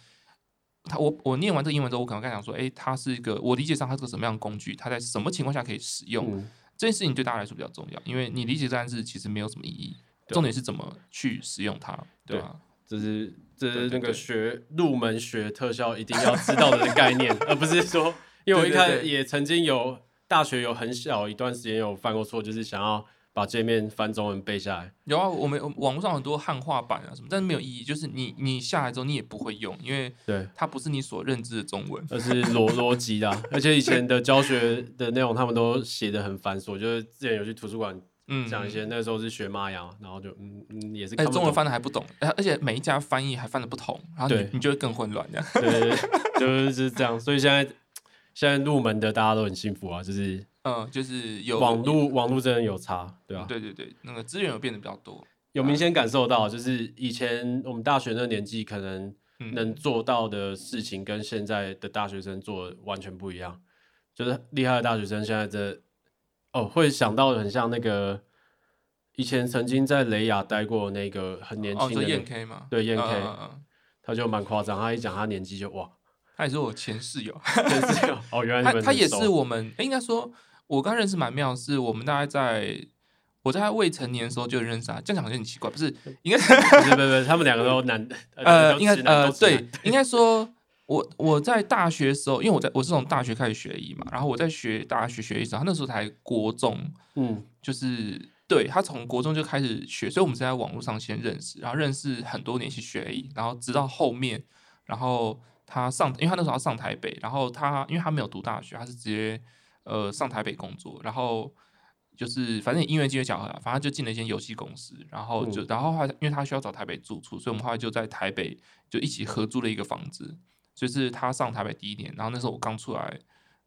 他，我我念完這個英文之後，我可能會想說，哎，它是一個我理解上它是個什麼樣的工具？它在什麼情況下可以使用？嗯、這件事情對大家來說比較重要，因為你理解這單詞其實沒有什麼意義、啊。重點是怎麼去使用它，對吧、啊？這是這是對對對，那個學入門學特效一定要知道的概念， 而不是說，因為我一看也曾經有大學有很小一段時間有犯過錯，就是想要。把介面翻中文背下來，有啊，我們網路上很多漢化版啊什麼，但是沒有意義，就是你你下來之後你也不會用，因為它不是你所認知的中文，而是邏邏輯的、啊， 而且以前的教學的內容他們都寫得很繁瑣，就是之前有去圖書館，嗯，講一些那時候是學 Maya，然後就嗯,嗯也是看、欸，中文翻得還不懂，而且每一家翻譯還翻得不同，然後你對你就會更混亂對,對,對就是是這樣，所以現在現在入門的大家都很幸福啊，就是。嗯，就是有網絡，網絡、嗯、真的有差，對吧、啊？對對對，那個資源有變得比較多，有明顯感受到、嗯，就是以前我們大學那年紀可能能做到的事情，跟現在的大學生做得完全不一樣。就是厲害的大學生現在這哦，會想到很像那個以前曾經在雷亞待過那個很年輕的燕 K 嗎？對，燕、嗯、K，、嗯、他就蠻誇張，他一講他年紀就哇，他也是我前室友，前室友哦，原來你們他他也是我們，哎、欸，應該說。我剛認識蠻妙，是我們大概在我在未成年的時候就認識、啊，這樣好像很奇怪，不是？應該是，不是，不是，他們兩個都男的，呃，應該，呃，對，應該說我，我我在大學的時候，因為我在我是從大學開始學藝嘛，然後我在學大學學藝時候，他那時候才國中，嗯，就是，對，他從國中就開始學，所以我們是在網路上先認識，然後認識很多年去學藝，然後直到後面，然後他上，因為他那時候要上台北，然後他，因為他沒有讀大學，他是直接。呃，上台北工作，然後就是反正也因為機緣巧合、啊，反正就進了一間遊戲公司，然後就然後後來，因為他需要找台北住處，所以我們後來就在台北就一起合租了一個房子，就、嗯、是他上台北第一年，然後那時候我剛出來，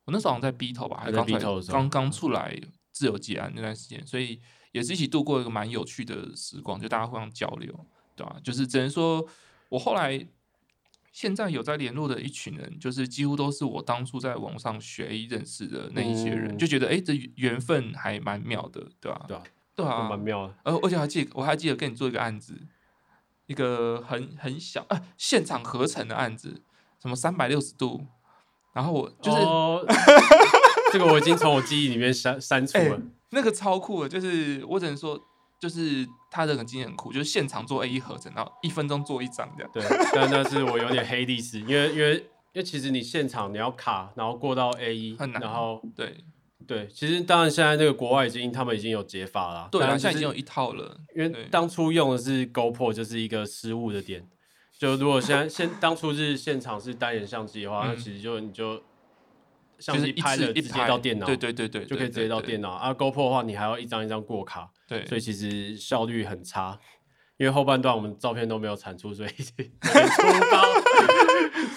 我那時候好像在 Bito 吧，還剛出來，剛剛出來自由接案那段時間，所以也是一起度過一個蠻有趣的時光，就大家互相交流，對吧？就是只能說，我後來。現在有在聯絡的一群人，就是幾乎都是我當初在網上學藝認識的那一些人，嗯、就覺得哎，這緣分還蠻妙的，對吧、啊？對啊，對啊，蠻妙啊！而且還記得，我還記得跟你做一個案子，一個很很小，呃、啊，現場合成的案子，什麼三百六十度，然後我就是、哦、 這個我已經從我記憶裡面刪 刪除了，那個超酷的，就是我只能說。就是他這個經驗很酷，就是現場做 AE 合成，然後一分鐘做一張這樣。對，但那是我有點黑歷史 因，因為因為因為其實你現場你要卡，然後過到 AE 然後對對，其實當然現在這個國外已經、嗯、他們已經有解法了啦，對、就是，現在已經有一套了。因為當初用的是 GoPro 就是一個失誤的點。 就如果現在現當初是現場是單眼相機的話，那 其實就你就。就是一直一直接到電腦，對對對，就可以直接到電腦啊。GoPro 的話，你還要一張一張過卡，對，所以其實效率很差。因為後半段我們照片都沒有產出，所以很粗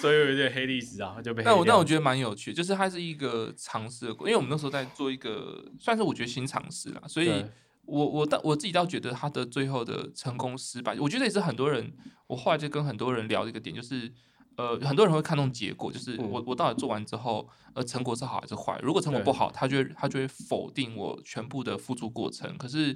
所以有點黑歷史啊，就被黑了。 那我那我覺得蠻有趣，就是它是一個嘗試，因為我們那時候在做一個，算是我覺得新嘗試啦。所以我我但我自己倒覺得它的最後的成功失敗，我覺得也是很多人。我後來就跟很多人聊一個點，就是。呃，很多人會看重結果，就是我我到底做完之後，呃，成果是好還是壞？如果成果不好，他就會他就會否定我全部的付出過程。可是，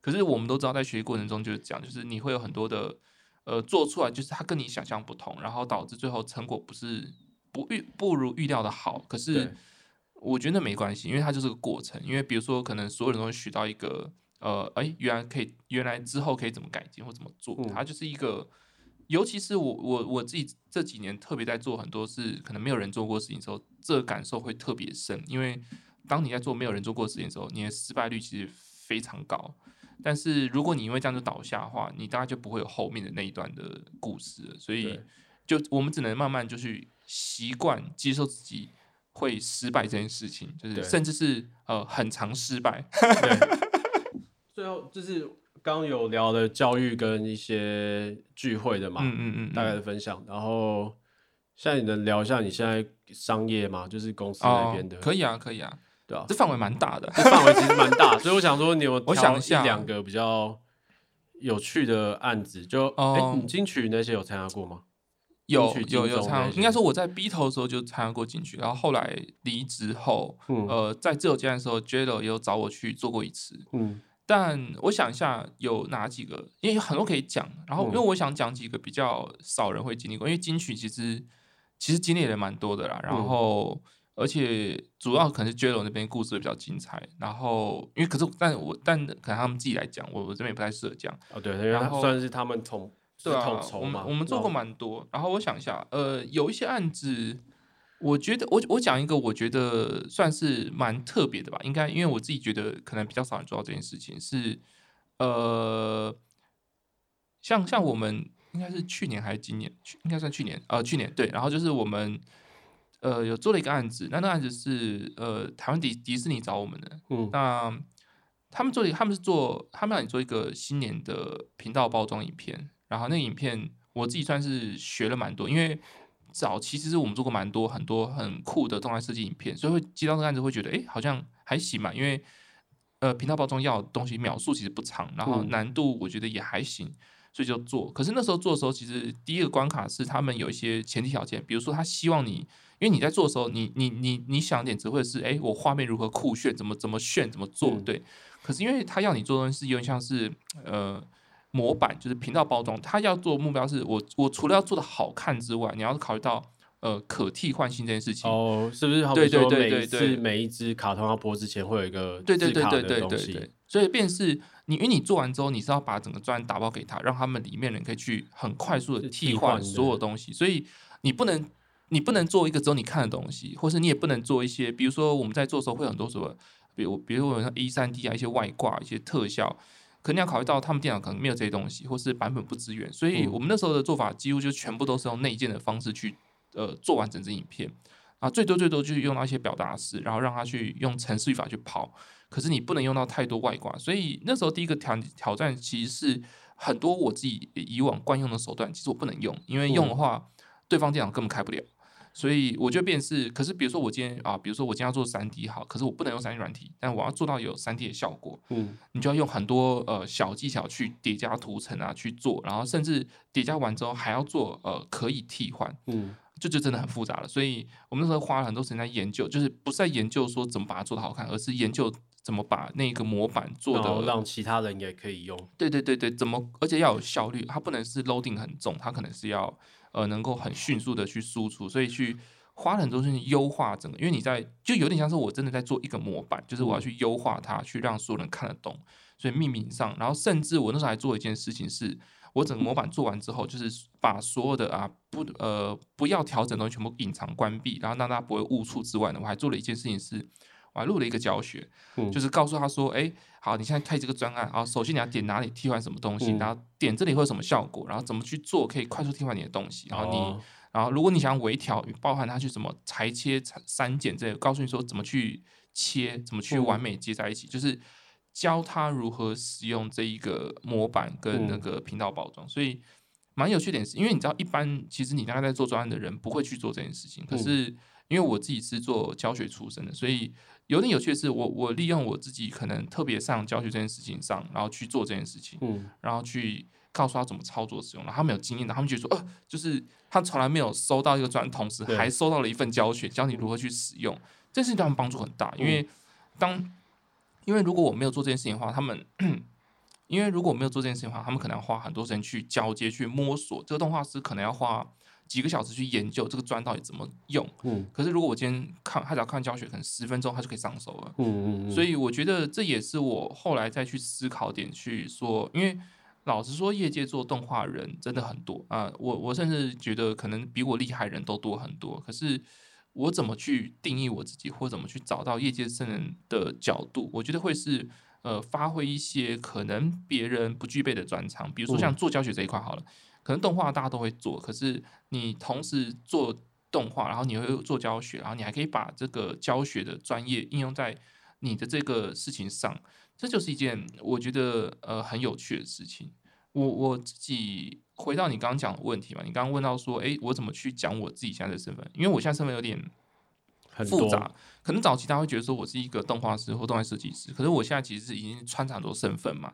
可是我們都知道，在學習過程中就是這樣，就是你會有很多的呃，做出來就是他跟你想象不同，然後導致最後成果不是不預不如預料的好。可是我覺得沒關係，因為它就是個過程。因為比如說，可能所有人都會學到一個呃，哎，原來可以，原來之後可以怎麼改進或怎麼做，嗯、它就是一個。尤其是我我我自己這幾年特別在做很多事，可能沒有人做過的事情的時候，這個感受會特別深。因為當你在做沒有人做過事情的時候，你的失敗率其實非常高。但是如果你因為這樣子倒下的話，你大概就不會有後面的那一段的故事了。所以，就我們只能慢慢就去習慣接受自己會失敗這件事情，就是甚至是呃，很常失敗。 最後，就是。剛有聊的教育跟一些聚會的嘛，嗯嗯大、嗯、概、嗯、的分享。然後現在你能聊一下你現在商業嘛？就是公司那邊的，oh, 可以啊，可以啊，對啊，這範圍蠻大的，這範圍其實蠻大， 所以我想說，你有我想一下兩個比較有趣的案子，就哦、oh, 欸，金曲那些有參加過嗎？有，金曲有有，有參加，應該說我在 B 頭的時候就參加過金曲，然後後來離職後，嗯，呃，在浙江的時候 j 得 l 有找我去做過一次，嗯。但我想一下有哪幾個，因為有很多可以講。然後因為我想講幾個比較少人會經歷過，嗯、因為金曲其實其實經歷也蠻多的啦。然後、嗯、而且主要可能是 Juno 那邊故事比較精彩。然後因為可是，但我但可能他們自己來講，我我這邊也不太適合講。哦，對、啊，然後算是他們統對啊，我們我們做過蠻多。然後我想一下，呃，有一些案子。我覺得我我講一個，我覺得算是蠻特別的吧，應該因為我自己覺得可能比較少人做到這件事情，是呃，像像我們應該是去年還是今年，去應該算去年啊，呃，去年對，然後就是我們呃有做了一個案子，那那個案子是呃台灣迪迪士尼找我們的，嗯那，那他們做的他們是做他們讓你做一個新年的頻道包裝影片，然後那個影片我自己算是學了蠻多，因為。早期其實我們做過蠻多很多很酷的動態設計影片，所以會接到這個案子會覺得，哎、欸，好像還行嘛，因為呃，頻道包裝要的東西秒數其實不長，然後難度我覺得也還行，所以就做、嗯。可是那時候做的時候，其實第一個關卡是他們有一些前提條件，比如說他希望你，因為你在做的時候，你你你你想點只會是，哎、欸，我畫面如何酷炫，怎麼怎麼炫怎麼做對、嗯？可是因為他要你做的東西是又像是，呃。模板就是頻道包裝，他要做的目標是我，我除了要做的好看之外，你要是考慮到呃可替換性這件事情哦，oh, 是不是好？對對對對對，是每一只卡通要播之前會有一個對，對對對對對對對。所以便是你因為你做完之後，你是要把整個磚打包給他，讓他們裡面人可以去很快速的替換所有東西，所以你不能你不能做一個只有你看的東西，或是你也不能做一些，比如說我們在做的時候會很多什麼，比如比如說我們像 A3D 啊，一些外掛一些特效。肯定要考慮到他們電腦可能沒有這些東西，或是版本不支援，所以我們那時候的做法幾乎就全部都是用內建的方式去呃做完整支影片，啊，最多最多就是用到一些表達式，然後讓他去用程式語法去跑。可是你不能用到太多外掛，所以那時候第一個挑挑戰其實是很多我自己以往慣用的手段，其實我不能用，因為用的話對方電腦根本開不了。嗯所以我就變成，可是比如說我今天啊，比如說我今天要做三 D 好，可是我不能用三 D 軟體，但我要做到有三 D 的效果，嗯，你就要用很多呃小技巧去疊加圖層啊去做，然後甚至疊加完之後還要做呃可以替換，嗯，這就，就真的很複雜了。所以我們那時候花了很多時間在研究，就是不是在研究說怎麼把它做得好看，而是研究怎麼把那個模板做得讓其他人也可以用。對對對對，怎麼而且要有效率，它不能是 loading 很重，它可能是要。呃，能夠很迅速的去輸出，所以去花很多時間優化整個，因為你在就有點像是我真的在做一個模板，就是我要去優化它，去讓所有人看得懂。所以命名上，然後甚至我那時候還做了一件事情是，我整個模板做完之後，就是把所有的啊不呃不要調整的東西全部隱藏關閉，然後讓大家不會誤觸之外呢，我還做了一件事情是。錄、啊、了一個教學，嗯、就是告訴他說：“哎、欸，好，你現在開這個專案啊，然後首先你要點哪裡替換什麼東西，嗯，然後點這裡會有什麼效果，然後怎麼去做可以快速替換你的東西。然後你，啊、然後如果你想微調，包含他去怎麼裁切、刪減這些，告訴你說怎麼去切，怎麼去完美接在一起，嗯、就是教他如何使用這一個模板跟那個頻道包裝，嗯。所以，蠻有趣的點是因為你知道，一般其實你大概在做專案的人不會去做這件事情，嗯，可是因為我自己是做教學出身的，所以。”有點有趣的是我，我我利用我自己可能特別上教學這件事情上，然後去做這件事情、嗯，然後去告訴他怎麼操作使用。然後他們有經驗的，然後他們就說：“呃，就是他從來沒有收到一個專，同時還收到了一份教學，嗯、教你如何去使用。這件事情對他們幫助很大，因為當、嗯、因為如果我沒有做這件事情的話，他們因為如果我沒有做這件事情的話，他們可能要花很多時間去交接、去摸索。這個動畫師可能要花。”幾個小時去研究這個磚到底怎麼用，嗯，可是如果我今天看，他只要看教學，可能十分鐘他就可以上手了，嗯。所以我覺得這也是我後來再去思考點，去說，因為老實說，業界做動畫人真的很多啊，我我甚至覺得可能比我厲害人都多很多。可是我怎麼去定義我自己，或怎麼去找到業界聖人的角度，我覺得會是呃，發揮一些可能別人不具備的專長，比如說像做教學這一塊好了。可能動畫大家都會做，可是你同時做動畫，然後你會做教學，然後你還可以把這個教學的專業應用在你的這個事情上，這就是一件我覺得呃很有趣的事情。我我自己回到你剛剛講的問題嘛，你剛剛問到說，誒我怎麼去講我自己現在的身份？因為我現在身份有點複雜，很可能早期大家會覺得說我是一個動畫師或動畫設計師，可是我現在其實是已經穿插很多身份嘛。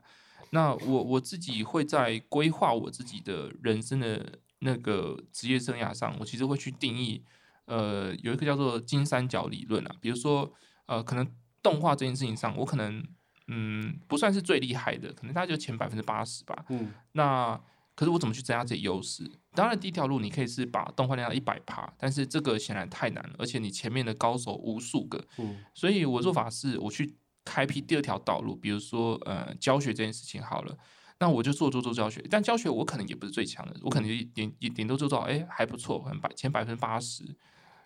那我我自己會在規劃我自己的人生的那個職業生涯上，我其實會去定義，呃，有一個叫做金三角理論啊。比如說，呃，可能動畫這件事情上，我可能嗯不算是最厲害的，可能它就前百分之八十吧。嗯。那可是我怎麼去增加自己優勢？當然，第一條路你可以是把動畫練到一百趴，但是這個顯然太難了，而且你前面的高手無數個。嗯。所以我做法是我去。開闢第二條道路，比如說呃教學這件事情好了，那我就做做做教學，但教學我可能也不是最強的，我可能也點頂多做到，哎、欸、還不錯，前百分之八十，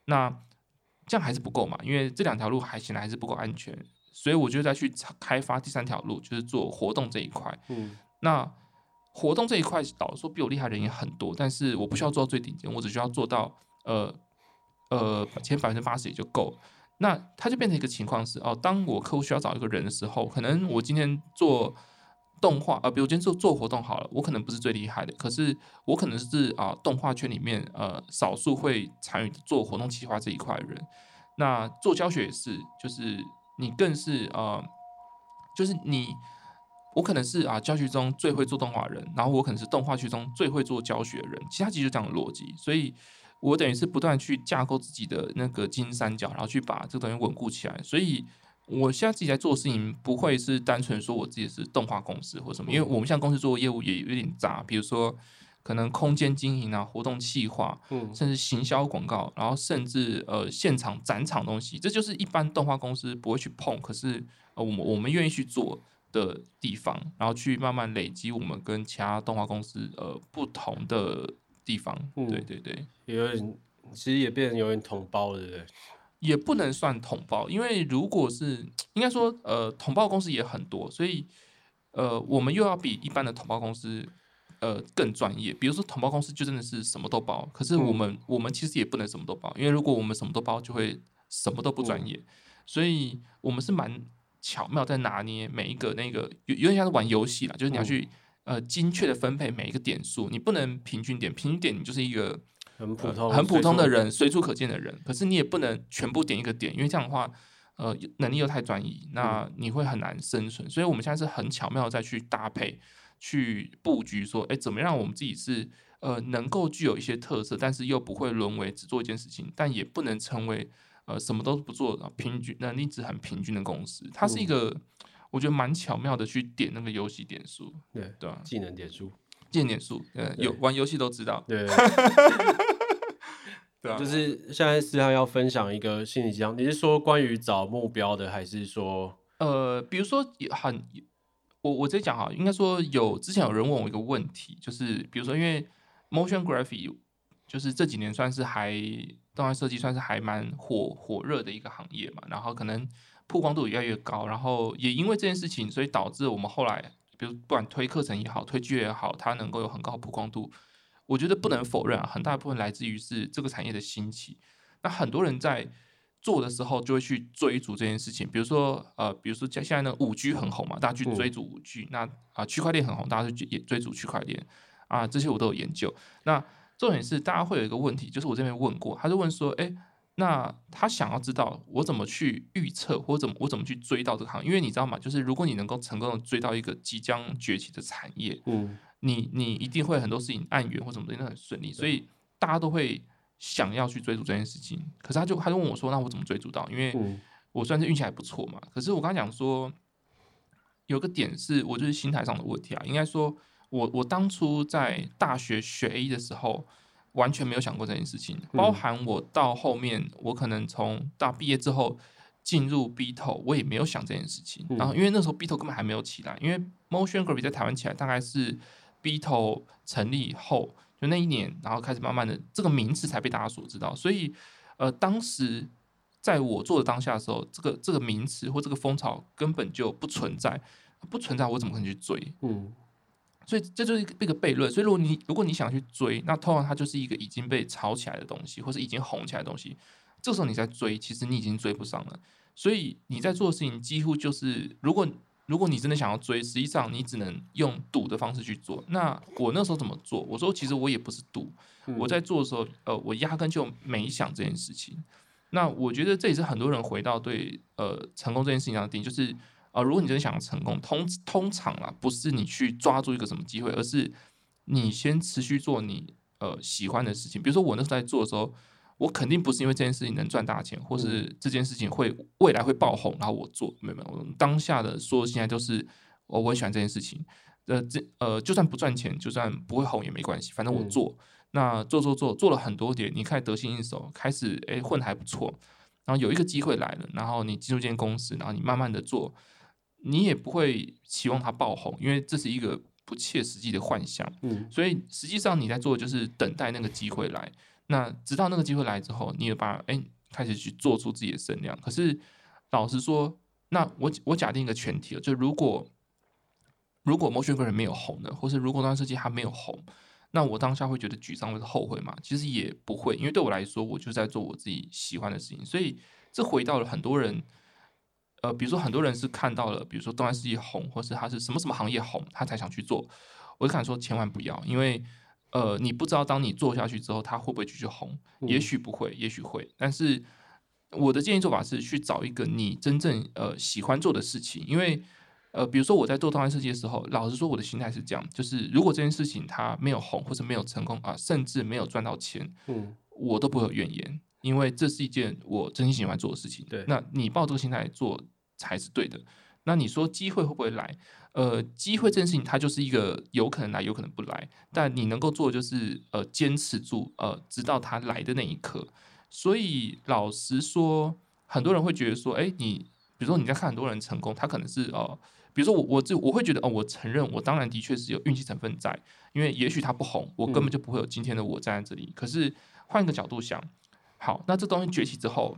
那這樣還是不夠嘛，因為這兩條路還顯然還是不夠安全，所以我就再去開發第三條路，就是做活動這一塊。嗯那，那活動這一塊，老實說比我厲害的人也很多，但是我不需要做到最頂尖，我只需要做到呃呃前百分之八十也就夠。那他就變成一個情況是哦，當我客戶需要找一個人的時候，可能我今天做動畫，呃，比如今天做做活動好了，我可能不是最厲害的，可是我可能是啊、呃，動畫圈裡面呃，少數會參與做活動企劃這一塊的人。那做教學也是，就是你更是啊、呃，就是你，我可能是啊，教學中最會做動畫人，然後我可能是動畫區中最會做教學人，其他其實就這樣的邏輯，所以。我等於是不斷去架構自己的那個金三角，然後去把這個東西穩固起來。所以，我現在自己在做的事情不會是單純說我自己是動畫公司或什麼，因為我們現在公司做的業務也有點雜，比如說可能空間經營啊、活動企劃、嗯，甚至行銷廣告，然後甚至呃現場展場東西，這就是一般動畫公司不會去碰，可是，呃、我們我們願意去做的地方，然後去慢慢累積我們跟其他動畫公司呃不同的地方，對對對，也有點其實也變成有點統包，對不對？也不能算統包，因為如果是應該說，呃，統包公司也很多，所以呃，我們又要比一般的統包公司呃更專業。比如說統包公司就真的是什麼都包，可是我們、嗯、我們其實也不能什麼都包，因為如果我們什麼都包，就會什麼都不專業、嗯。所以我們是蠻巧妙在拿捏每一個那個，有有點像是玩遊戲啦，就是你要去。嗯呃，精確的分配每一個點數，你不能平均點，平均點你就是一個很普通、呃、很普通的人，隨處、隨處可見的人。可是你也不能全部點一個點，因為這樣的話，呃，能力又太專一，那你會很難生存、嗯。所以我們現在是很巧妙再去搭配、去布局，說，誒、欸，怎麼讓我們自己是呃能夠具有一些特色，但是又不會淪為只做一件事情，但也不能成為呃什麼都不做，平均能力值很平均的公司。它是一個。嗯我覺得蠻巧妙的，去點那個遊戲點數，對對技能點數、技能點數，有玩遊戲都知道。對，對，對， 對啊，就是現在思翰要分享一個心理技巧，你是說，關於找目標的，還是說呃，比如說很，我我直接講哈，應該說有之前有人問我一個問題，就是比如說因為 motion graphic 就是這幾年算是還動畫設計算是還蠻火火熱的一個行業嘛，然後可能。曝光度也越來越高，然後也因為這件事情，所以導致我們後來，比如不管推課程也好，推劇也好，它能夠有很高的曝光度，我覺得不能否認，很大部分來自於是這個產業的興起。那很多人在做的時候，就會去追逐這件事情。比如說，呃，比如說像現在呢，五 G 很紅嘛，大家去追逐五 G，嗯、那啊、呃，區塊鏈很紅，大家去也追逐區塊鏈啊、呃，這些我都有研究。那重點是，大家會有一個問題，就是我這邊問過，他就問說，誒。那他想要知道我怎麼去預測，或怎麼我怎麼去追到這個行業？因為你知道嗎？就是如果你能夠成功的追到一個即將崛起的產業，嗯，你你一定會很多事情案源或什麼都很順利，所以大家都會想要去追逐這件事情。可是他就他就問我說：“那我怎麼追逐到？”因為我算是運氣還不錯嘛。可是我剛剛講說，有個點是我就是心態上的問題啊。應該說我我當初在大學學 AE 的時候。完全沒有想過這件事情，嗯、包含我到後面，我可能從大畢業之後進入 Bito，我也沒有想這件事情。嗯、然後因為那時候 Bito 根本還沒有起來，因為 Motion Graphics 在台灣起來大概是 Bito 成立後就那一年，然後開始慢慢的這個名詞才被大家所知道。所以，呃，當時在我做的當下的時候，這個這個名詞或這個風潮根本就不存在，不存在，我怎麼可能去追？嗯。所以這就是一個悖論。所以如果你如果你想去追，那通常它就是一個已經被炒起來的東西，或是已經紅起來的東西。這時候你在追，其實你已經追不上了。所以你在做的事情，幾乎就是如果如果你真的想要追，實際上你只能用賭的方式去做。那我那時候怎麼做？我說其實我也不是賭，嗯、我在做的時候，呃，我壓根就沒想這件事情。那我覺得這也是很多人回到對呃成功這件事情上的定義，就是。啊、呃，如果你真的想要成功，通通常啦、啊，不是你去抓住一個什麼機會，而是你先持續做你呃喜歡的事情。比如說我那時候在做的時候，我肯定不是因為這件事情能賺大錢，或是這件事情會未來會爆紅，然後我做沒有沒有，我當下的說現在都、就是、哦、我我喜歡這件事情，呃，這呃就算不賺錢，就算不會紅也沒關係，反正我做。那做做做做了很多年，你看得心應手，開始誒混還不錯。然後有一個機會來了，然後你進入這間公司，然後你慢慢的做。你也不會期望他爆紅，因為這是一個不切實際的幻想。嗯，所以實際上你在做的就是等待那個機會來，那直到那個機會來之後，你也把哎開始去做出自己的聲量。可是老實說，那我我假定一個前提、哦、就如果如果某圈個人沒有紅的，或是如果當時還沒有紅，那我當下會覺得沮喪或者後悔嗎？其實也不會，因為對我來說，我就在做我自己喜歡的事情，所以這回到了很多人。呃，比如說很多人是看到了，比如說動態設計紅，或是他是什麼什麼行業紅，他才想去做。我就敢說千萬不要，因為呃，你不知道當你做下去之後，他會不會繼續紅？也許不會，也許會。但是我的建議做法是去找一個你真正呃喜歡做的事情，因為呃，比如說我在做動態設計的時候，老實說我的心態是這樣，就是如果這件事情它沒有紅，或者沒有成功啊，呃，甚至沒有賺到錢，嗯，我都不會有怨言。因為這是一件我真心喜歡做的事情，對。那你抱這個心態做才是對的。那你說機會會不會來？呃，機會這件事情它就是一個有可能來，有可能不來。但你能夠做的就是呃堅持住，呃，直到它來的那一刻。所以老實說，很多人會覺得說，誒，你比如說你在看很多人成功，他可能是哦，呃，比如說我我這我會覺得哦，我承認我當然的確是有運氣成分在，因為也許他不紅，我根本就不會有今天的我站在這裡。嗯。可是換一個角度想。好，那這東西崛起之後，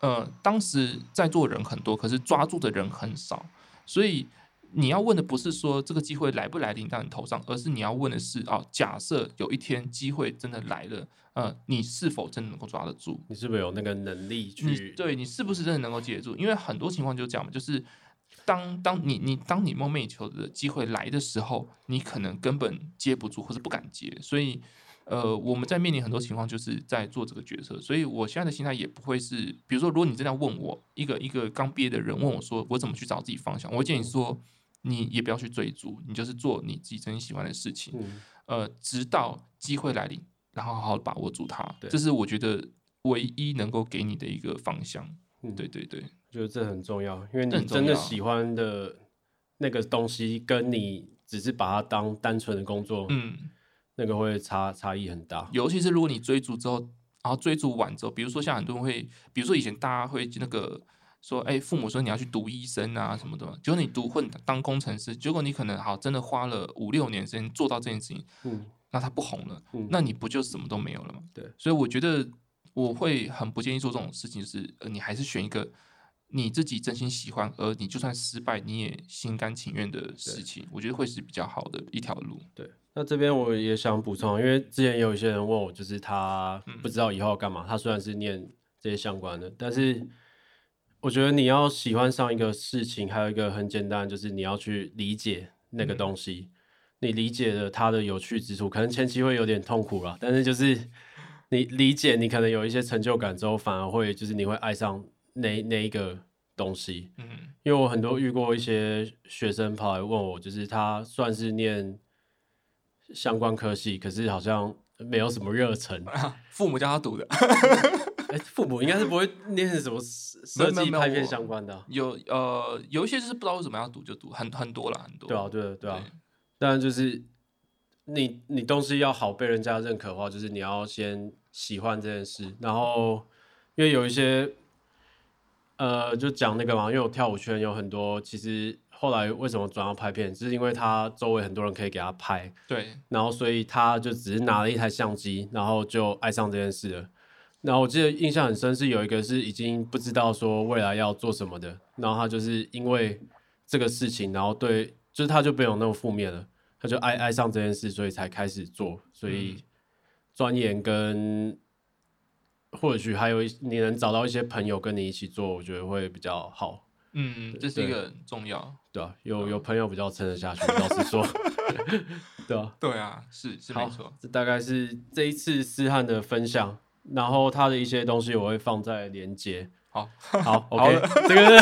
呃，當時在座的人很多，可是抓住的人很少。所以你要問的不是說這個機會來不來臨到你頭上，而是你要問的是，哦，假設有一天機會真的來了，呃，你是否真的能夠抓得住？你是不是有那個能力去？對，你是不是真的能夠接得住？因為很多情況就是這樣嘛，就是當當你你當你夢寐以求的機會來的時候，你可能根本接不住或是不敢接，所以。呃，我們在面臨很多情況，就是在做這個決策。所以我現在的心態也不會是，比如說，如果你真的要問我，一個一個剛畢業的人問我說，我怎麼去找自己方向？我會建議說，你也不要去追逐，你就是做你自己真正喜歡的事情。嗯、呃，直到機會來臨，然後好好把握住它。對，這是我覺得唯一能夠給你的一個方向。嗯、對對對，我覺得這很重要，因為你真的喜歡的那個東西，跟你只是把它當單純的工作，嗯。那個會差差異很大，尤其是如果你追逐之後，然後追逐完之後，比如說像很多人會，比如說以前大家會那個說，哎、欸，父母說你要去讀醫生啊什麼的，結果你讀混當工程師，結果你可能好真的花了五六年時間做到這件事情，嗯，那他不紅了，嗯，那你不就什麼都沒有了嘛？對，所以我覺得我會很不建議做這種事情，就是你還是選一個。你自己真心喜歡，而你就算失敗，你也心甘情願的事情，我覺得會是比較好的一條路。對，那這邊我也想補充，因為之前有一些人問我，就是他不知道以後要幹嘛。嗯。他雖然是念這些相關的，但是我覺得你要喜歡上一個事情，還有一個很簡單，就是你要去理解那個東西。嗯。你理解了它的有趣之處，可能前期會有點痛苦了，但是就是你理解，你可能有一些成就感之後，反而會就是你會愛上。哪哪一個東西？嗯，因為我很多遇過一些學生跑來問我，就是他算是念相關科系，可是好像沒有什麼熱忱。啊，父母叫他讀的，哎、 欸，父母應該是不會念什麼設計、拍片相關的。啊有有。有呃，有一些就是不知道為什麼要讀就讀，很很多了，很多。對啊，對，對啊，對啊。但就是你你東西要好被人家認可的話，就是你要先喜歡這件事，然後因為有一些。呃，就講那個嘛，因為我跳舞圈有很多，其實後來為什麼轉到拍片，就是因為他周圍很多人可以給他拍，對，然後所以他就只是拿了一台相機，然後就愛上這件事了。然後我記得印象很深是有一個是已經不知道說未來要做什麼的，然後他就是因為這個事情，然後對，就是他就沒有那麼負面了，他就愛愛上這件事，所以才開始做，所以鑽、嗯、研跟。或許還有一，你能找到一些朋友跟你一起做，我覺得會比較好。嗯，這是一個很重要，對，對啊，有、嗯、有朋友比較撐得下去，老實說， 對啊，對啊，是是沒錯。這大概是這一次思翰的分享，然後他的一些東西我會放在連接。好， 好，okay 好，OK，這個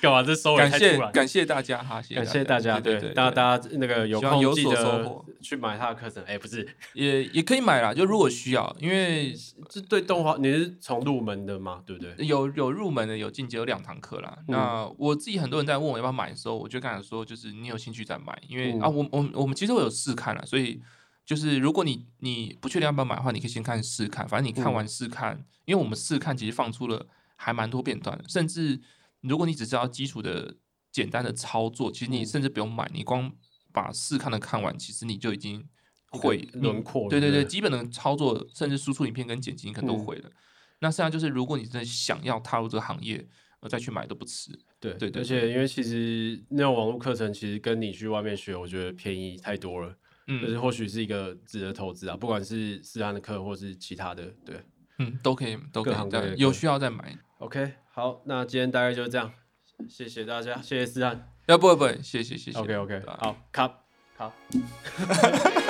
幹 嘛？這收尾太突然。感謝感謝大家哈，感謝謝大，大家，對，對對對大家大家那個有空、嗯、希望有所收穫，記得去買他的課程。哎，不是，也也可以買啦，就如果需要，因為、嗯、這對動畫你是從入門的嗎？對不對？有有入門的，有進階，有兩堂課啦、嗯。那我自己很多人在問我要不要買的時候，我就剛才說，就是你有興趣再買，因為、嗯、啊，我我我們其實我有試看啦，所以就是如果你你不確定要不要買的話，你可以先看試看，反正你看完試看，因為我們試看其實放出了。還蠻多片段，甚至如果你只知道基礎的簡單的操作，其實你甚至不用買，你光把試看的看完，其實你就已經會輪、okay, 廓。對對對，對，基本的操作甚至輸出影片跟剪輯，你可能都會了。嗯、那實際上就是，如果你真的想要踏入這個行業，再去買都不遲。對對對，而且因為其實那種網絡課程，其實跟你去外面學，我覺得便宜太多了。嗯，就是或許是一個值得投資啊，不管是思翰的課，或是其他的，對。嗯，都可以，都可以。對，有需要再買。OK，好，那今天大概就這樣，謝謝大家，謝謝思翰。要、啊、不不，不，謝謝謝謝。OK OK，、啊、好，卡卡。